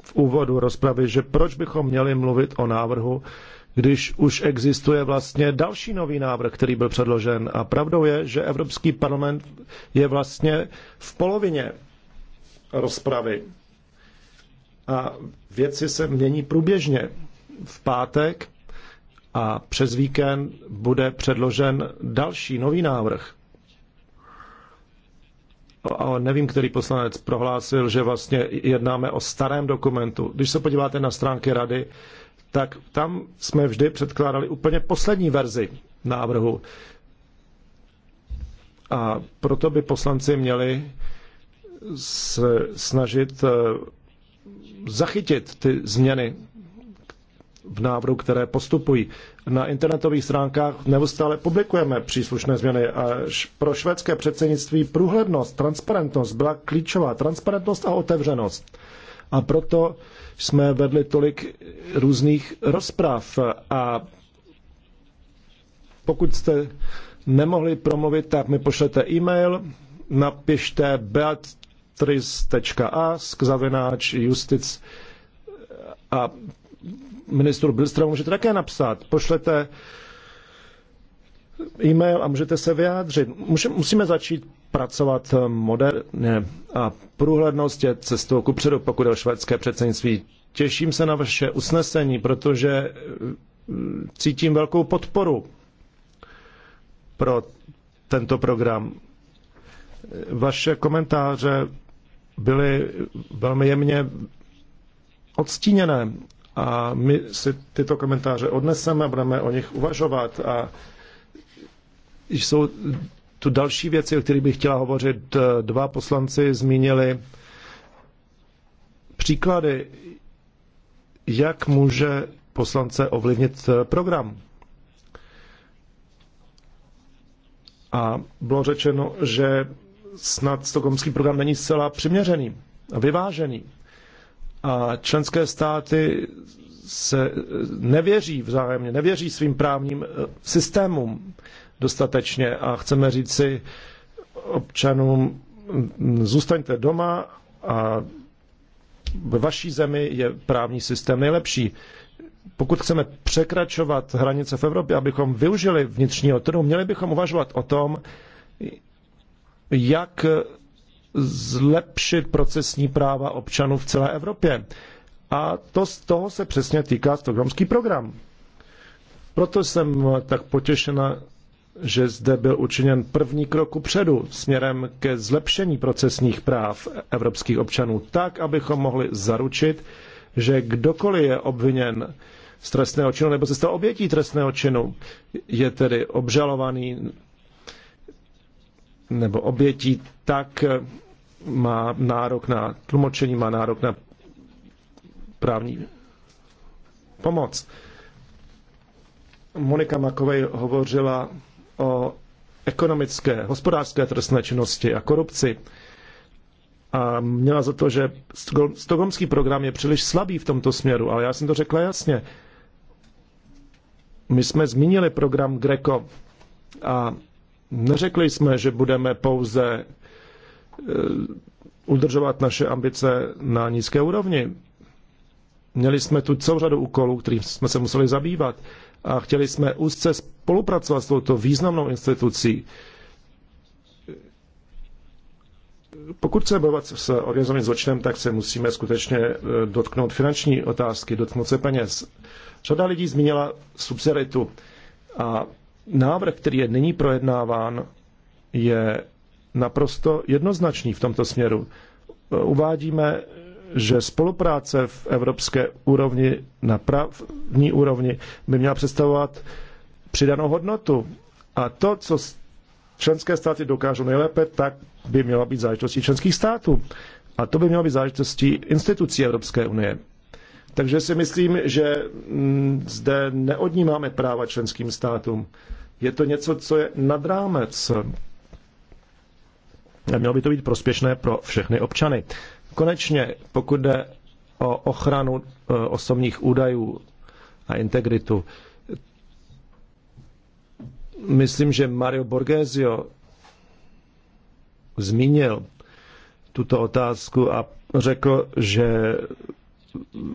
v úvodu rozpravy, že proč bychom měli mluvit o návrhu, když už existuje vlastně další nový návrh, který byl předložen. A pravdou je, že Evropský parlament je vlastně v polovině rozpravy. A věci se mění průběžně. V pátek a přes víkend bude předložen další nový návrh. Ale nevím, který poslanec prohlásil, že vlastně jednáme o starém dokumentu. Když se podíváte na stránky rady, tak tam jsme vždy předkládali úplně poslední verzi návrhu. A proto by poslanci měli se snažit eh, zachytit ty změny v návrhu, které postupují na internetových stránkách neustále publikujeme příslušné změny. A pro švédské předsednictví průhlednost, transparentnost byla klíčová. Transparentnost a otevřenost. A proto jsme vedli tolik různých rozprav. A pokud jste nemohli promluvit, tak mi pošlete e-mail, napište beatrice.a zavináč justic a ministru Bilstrovu můžete také napsat. Pošlete e-mail a můžete se vyjádřit. Musíme začít pracovat moderně a průhlednost je cestou kupředu, pokud je o švédské předsednictví. Těším se na vaše usnesení, protože eh, cítím velkou podporu pro tento program. Vaše komentáře byly velmi jemně odstíněné a my si tyto komentáře odneseme a budeme o nich uvažovat. A jsou tu další věci, o kterých bych chtěla hovořit. Dva poslanci zmínili příklady, jak může poslance ovlivnit program. A bylo řečeno, že snad stokomský program není zcela přiměřený a vyvážený a členské státy se eh, nevěří vzájemně, nevěří svým právním eh, systémům dostatečně a chceme říct si občanům, mm, zůstaňte doma a ve vaší zemi je právní systém nejlepší. Pokud chceme překračovat hranice v Evropě, abychom využili vnitřního trhu, měli bychom uvažovat o tom, jak zlepšit procesní práva občanů v celé Evropě. A to, z toho se přesně týká stokholmský program. Proto jsem tak potěšena, že zde byl učiněn první krok předu směrem ke zlepšení procesních práv evropských občanů, tak, abychom mohli zaručit, že kdokoliv je obviněn z trestného činu nebo se stal obětí trestného činu, je tedy obžalovaný nebo obětí, tak má nárok na tlumočení, má nárok na právní pomoc. Monika Makovej hovořila o ekonomické, hospodářské trestné činnosti a korupci a měla za to, že stokholmský program je příliš slabý v tomto směru, ale já jsem to řekla jasně. My jsme zmínili program Greco a neřekli jsme, že budeme pouze Eh, udržovat naše ambice na nízké úrovni. Měli jsme tu celou řadu úkolů, kterým jsme se museli zabývat a chtěli jsme úzce spolupracovat s touto významnou institucí. Pokud se bojovat s organizovaným zločinem, tak se musíme skutečně eh, dotknout finanční otázky, dotknout se peněz. Řada lidí zmínila subsidiaritu a návrh, který je nyní projednáván, je naprosto jednoznačný v tomto směru. Uvádíme, že spolupráce v evropské úrovni na právní úrovni by měla představovat přidanou hodnotu. A to, co členské státy dokážou nejlépe, tak by měla být záležitostí členských států. A to by mělo být záležitostí institucí Evropské unie. Takže si myslím, že mm, zde neodnímáme práva členským státům. Je to něco, co je nad rámec Mělo by to být prospěšné pro všechny občany. Konečně, pokud jde o ochranu e, osobních údajů a integritu, myslím, že Mario Borgesio zmínil tuto otázku a řekl, že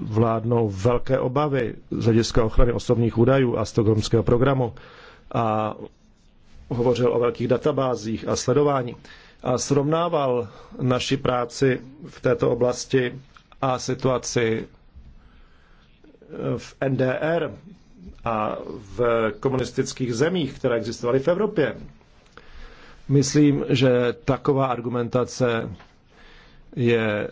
vládnou velké obavy z hlediska ochrany osobních údajů a stokholmského programu a hovořil o velkých databázích a sledování a srovnával naši práci v této oblasti a situaci eh, v NDR a v komunistických zemích, které existovaly v Evropě. Myslím, že taková argumentace je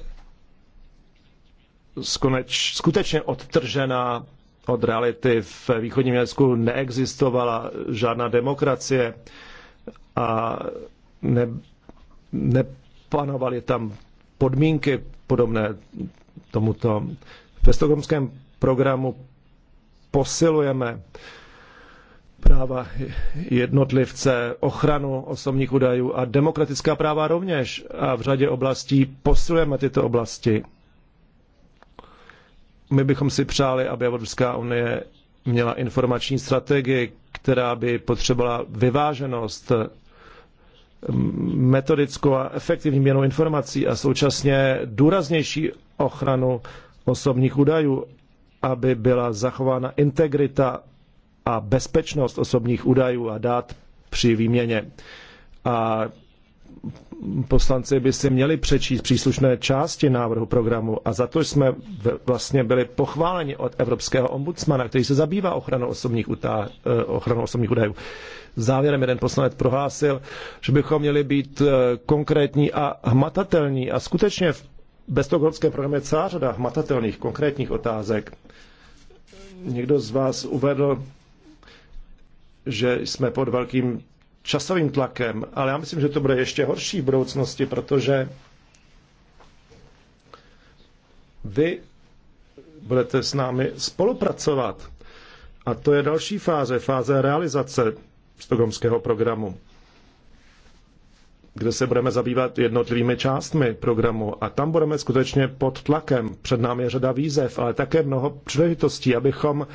skoneč, skutečně odtržená od reality. V východním Německu neexistovala žádná demokracie a ne, nepanovaly tam podmínky podobné tomuto. Ve stokholmském programu posilujeme práva jednotlivce, ochranu osobních údajů a demokratická práva rovněž. A v řadě oblastí posilujeme tyto oblasti. My bychom si přáli, aby Evropská unie měla informační strategii, která by potřebovala vyváženost metodickou a efektivní měnu informací a současně důraznější ochranu osobních údajů, aby byla zachována integrita a bezpečnost osobních údajů a dát při výměně. A poslanci by si měli přečíst příslušné části návrhu programu a za to jsme vlastně byli pochváleni od evropského ombudsmana, který se zabývá ochranou osobních, eh, ochranou osobních údajů. Závěrem jeden poslanec prohlásil, že bychom měli být eh, konkrétní a hmatatelní. A skutečně v bestokholmském programu je celá řada hmatatelných, konkrétních otázek. Někdo z vás uvedl, že jsme pod velkým časovým tlakem, ale já myslím, že to bude ještě horší v budoucnosti, protože vy budete s námi spolupracovat. A to je další fáze, fáze realizace stokholmského programu, kde se budeme zabývat jednotlivými částmi programu. A tam budeme skutečně pod tlakem. Před námi je řada výzev, ale také mnoho příležitostí, abychom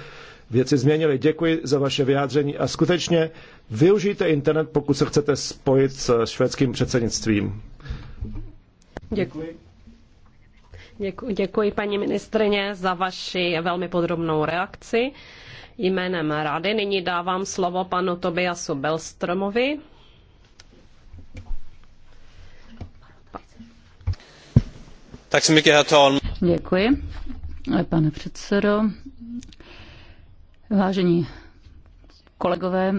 věci změnili. Děkuji za vaše vyjádření a skutečně využijte internet, pokud se chcete spojit s švédským předsednictvím. Děkuji. Děkuji, paní ministrině za vaši velmi podrobnou reakci. Jménem Rady nyní dávám slovo panu Tobiasu Belstromovi. Děkuji, pane předsedo. Vážení kolegové,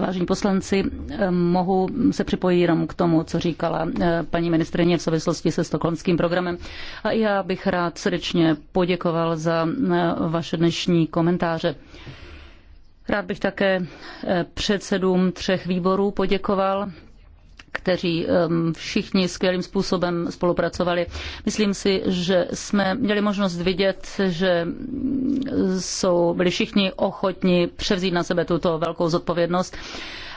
Vážení poslanci, eh, mohu se připojit jenom k tomu, co říkala eh, paní ministrině v souvislosti se stokholmským programem. A já bych rád srdečně poděkoval za eh, vaše dnešní komentáře. Rád bych také předsedům třech výborů poděkoval kteří um, všichni skvělým způsobem spolupracovali. Myslím si, že jsme měli možnost vidět, že jsou, byli všichni ochotni převzít na sebe tuto velkou zodpovědnost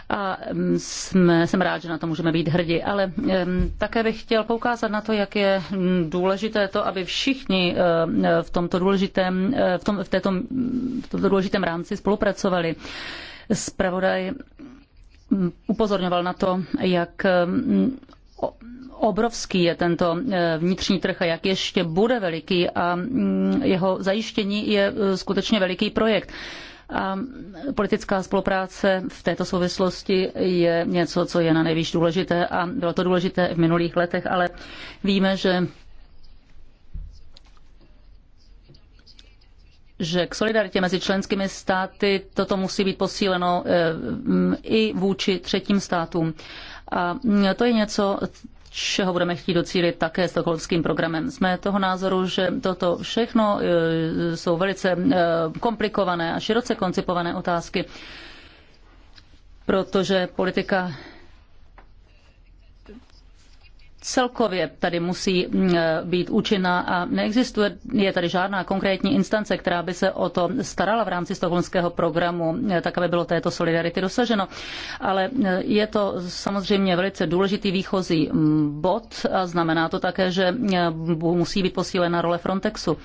a um, jsme, jsem rád, že na to můžeme být hrdí. Ale um, také bych chtěl poukázat na to, jak je důležité to, aby všichni uh, v tomto důležitém, uh, v, tom, v, této, v tomto důležitém rámci spolupracovali. Spravodaj Mm, upozorňoval na to, jak mm, obrovský je tento e, vnitřní trh a jak ještě bude veliký a mm, jeho zajištění je e, skutečně veliký projekt. A politická spolupráce v této souvislosti je něco, co je na nejvíc důležité a bylo to důležité v minulých letech, ale víme, že že k solidaritě mezi členskými státy toto musí být posíleno eh, i vůči třetím státům. A to je něco, čeho budeme chtít docílit také stokholmským programem. Jsme toho názoru, že toto všechno eh, jsou velice eh, komplikované a široce koncipované otázky, protože politika celkově tady musí mm, eh, být účinná a neexistuje je tady žádná konkrétní instance, která by se o to starala v rámci stokholmského programu, eh, tak aby bylo této solidarity dosaženo. Ale eh, je to samozřejmě velice důležitý výchozí mm, bod a znamená to také, že musí být posílena role Frontexu.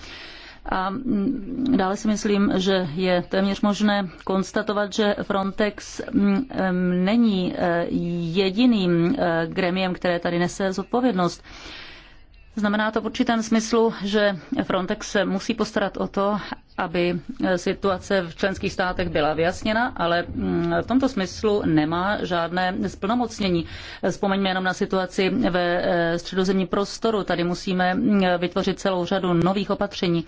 A mm, dále si myslím, že je téměř možné konstatovat, že Frontex mm, není eh, jediným eh, gremiem, které tady nese zodpovědnost. Znamená to v určitém smyslu, že Frontex se musí postarat o to, aby situace v členských státech byla vyjasněna, ale mm, v tomto smyslu nemá žádné splnomocnění. Vzpomeňme jenom na situaci ve e, středozemním prostoru. Tady musíme mm, vytvořit celou řadu nových opatření.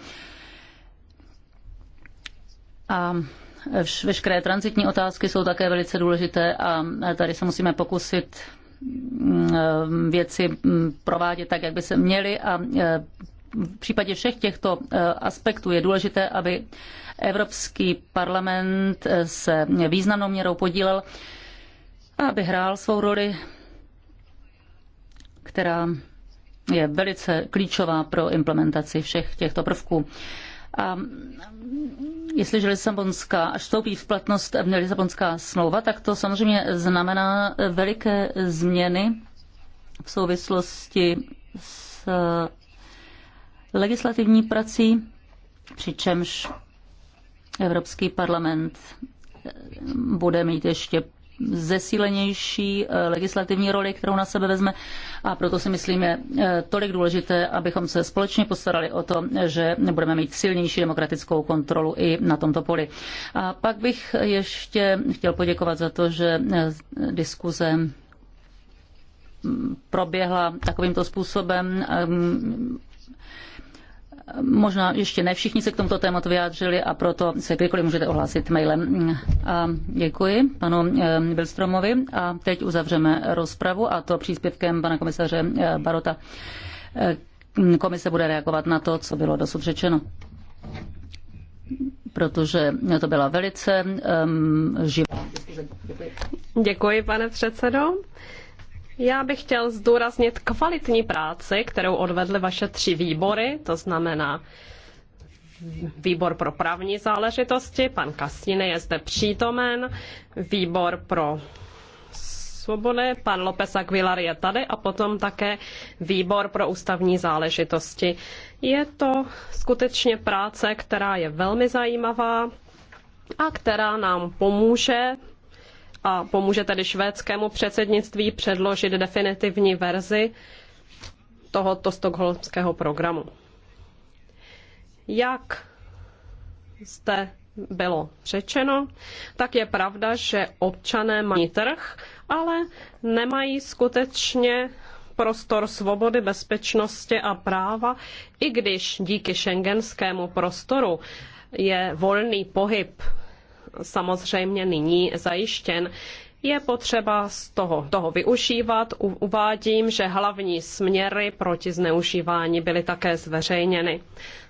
A veškeré transitní otázky jsou také velice důležité a tady se musíme pokusit Mm, věci mm, provádět tak, jak by se měly a e, v případě všech těchto e, aspektů je důležité, aby Evropský parlament e, se významnou měrou podílel a aby hrál svou roli, která je velice klíčová pro implementaci všech těchto prvků. A jestliže Lisabonská, až vstoupí v platnost Lisabonská smlouva, tak to samozřejmě znamená veliké změny v souvislosti s eh, legislativní prací, přičemž Evropský parlament eh, bude mít ještě zesílenější eh, legislativní roli, kterou na sebe vezme. A proto si myslím, je eh, tolik důležité, abychom se společně postarali o to, že budeme mít silnější demokratickou kontrolu i na tomto poli. A pak bych ještě chtěl poděkovat za to, že eh, diskuze mm, proběhla takovýmto způsobem. Ehm, Možná ještě ne všichni se k tomuto tématu vyjádřili a proto se kdykoliv můžete ohlásit mailem. A děkuji panu eh, Bilstromovi a teď uzavřeme rozpravu a to příspěvkem pana komisaře eh, Barota. Eh, komise bude reagovat na to, co bylo dosud řečeno protože to byla velice um, ehm, živá. Děkuji, pane předsedo. Já bych chtěl zdůraznit kvalitní práci, kterou odvedly vaše tři výbory, to znamená výbor pro právní záležitosti, pan Kastine je zde přítomen, výbor pro svobody, pan López Aguilar je tady a potom také výbor pro ústavní záležitosti. Je to skutečně práce, která je velmi zajímavá a která nám pomůže a pomůže tedy švédskému předsednictví předložit definitivní verzi tohoto stokholmského programu. Jak jste bylo řečeno, tak je pravda, že občané mají trh, ale nemají skutečně prostor svobody, bezpečnosti a práva, i když díky šengenskému prostoru je volný pohyb samozřejmě nyní zajištěn je potřeba z toho, toho využívat. U, uvádím, že hlavní směry proti zneužívání byly také zveřejněny.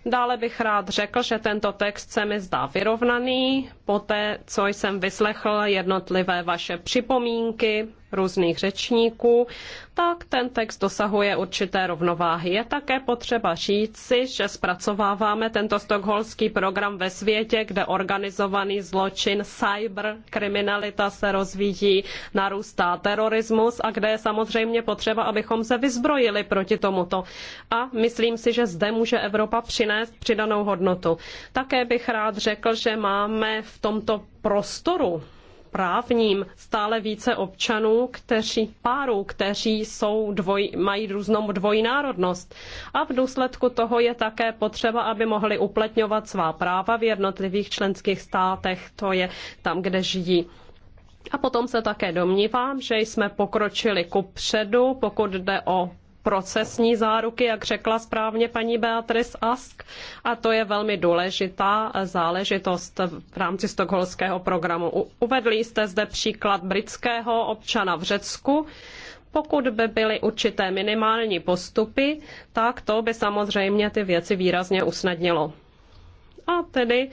Dále bych rád řekl, že tento text se mi zdá vyrovnaný. Poté, co jsem vyslechl jednotlivé vaše připomínky různých řečníků, tak ten text dosahuje určité rovnováhy. Je také potřeba říci, že zpracováváme tento stokholský program ve světě, kde organizovaný zločin, cyber, kriminalita se rozvíjí, narůstá terorismus a kde je samozřejmě potřeba, abychom se vyzbrojili proti tomuto. A myslím si, že zde může Evropa přinést přinést přidanou hodnotu. Také bych rád řekl, že máme v tomto prostoru právním stále více občanů, kteří párů, kteří jsou dvoj, mají různou dvojnárodnost. A v důsledku toho je také potřeba, aby mohli uplatňovat svá práva v jednotlivých členských státech, to je tam, kde žijí. A potom se také domnívám, že jsme pokročili ku předu, pokud jde o procesní záruky, jak řekla správně paní Beatrice Ask, a to je velmi důležitá záležitost v rámci stokholského programu. Uvedli jste zde příklad britského občana v Řecku, pokud by byly určité minimální postupy, tak to by samozřejmě ty věci výrazně usnadnilo. A tedy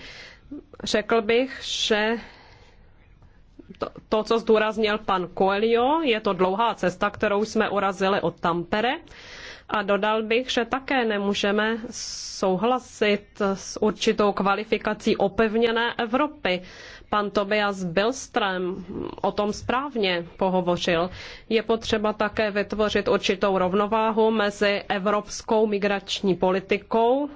řekl bych, že to, co zdůraznil pan Coelho, je to dlouhá cesta, kterou jsme urazili od Tampere. A dodal bych, že také nemůžeme souhlasit s určitou kvalifikací opevněné Evropy. Pan Tobias Bilström o tom správně pohovořil. Je potřeba také vytvořit určitou rovnováhu mezi evropskou migrační politikou,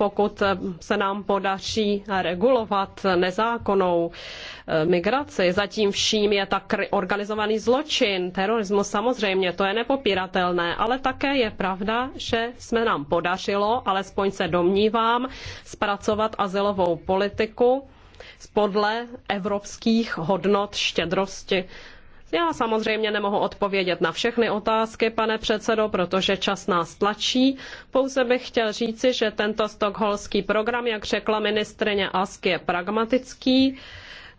pokud se nám podaří regulovat nezákonnou eh, migraci. Zatím vším je tak organizovaný zločin, terorismus samozřejmě, to je nepopíratelné, ale také je pravda, že jsme nám podařilo, alespoň se domnívám, zpracovat azylovou politiku podle evropských hodnot štědrosti já samozřejmě nemohu odpovědět na všechny otázky, pane předsedo, protože čas nás tlačí. Pouze bych chtěl říci, že tento stokholský program, jak řekla ministrině Ask, je pragmatický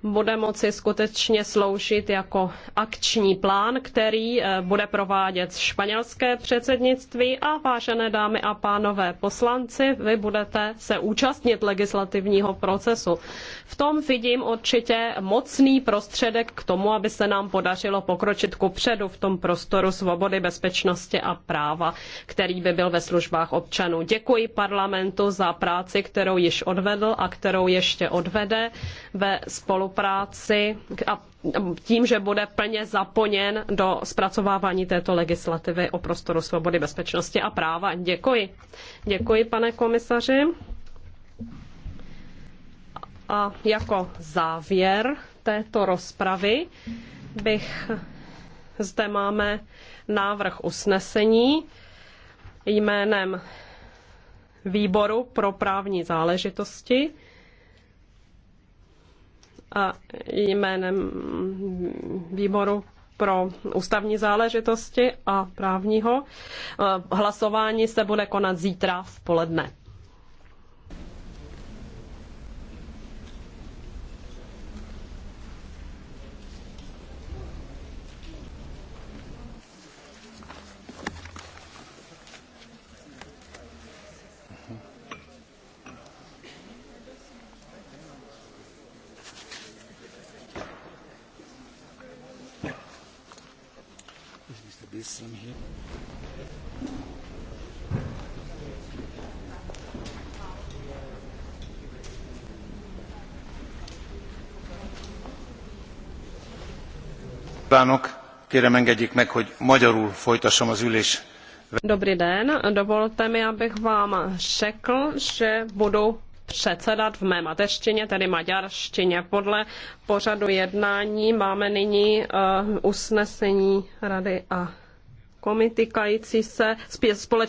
bude moci skutečně sloužit jako akční plán, který eh, bude provádět španělské předsednictví a vážené dámy a pánové poslanci, vy budete se účastnit legislativního procesu. V tom vidím určitě mocný prostředek k tomu, aby se nám podařilo pokročit ku předu v tom prostoru svobody, bezpečnosti a práva, který by byl ve službách občanů. Děkuji parlamentu za práci, kterou již odvedl a kterou ještě odvede ve spolupráci práci a tím, že bude plně zapojen do zpracovávání této legislativy o prostoru svobody, bezpečnosti a práva. Děkuji. Děkuji, pane komisaři. A jako závěr této rozpravy bych zde máme návrh usnesení jménem výboru pro právní záležitosti a jménem výboru pro ústavní záležitosti a právního. Hlasování se bude konat zítra v poledne. Dobrý den, dovolte mi, abych vám řekl, že budu předsedat v mé mateřštině, tedy maďarštině. Podle pořadu jednání máme nyní eh, usnesení Rady a komitikající se společně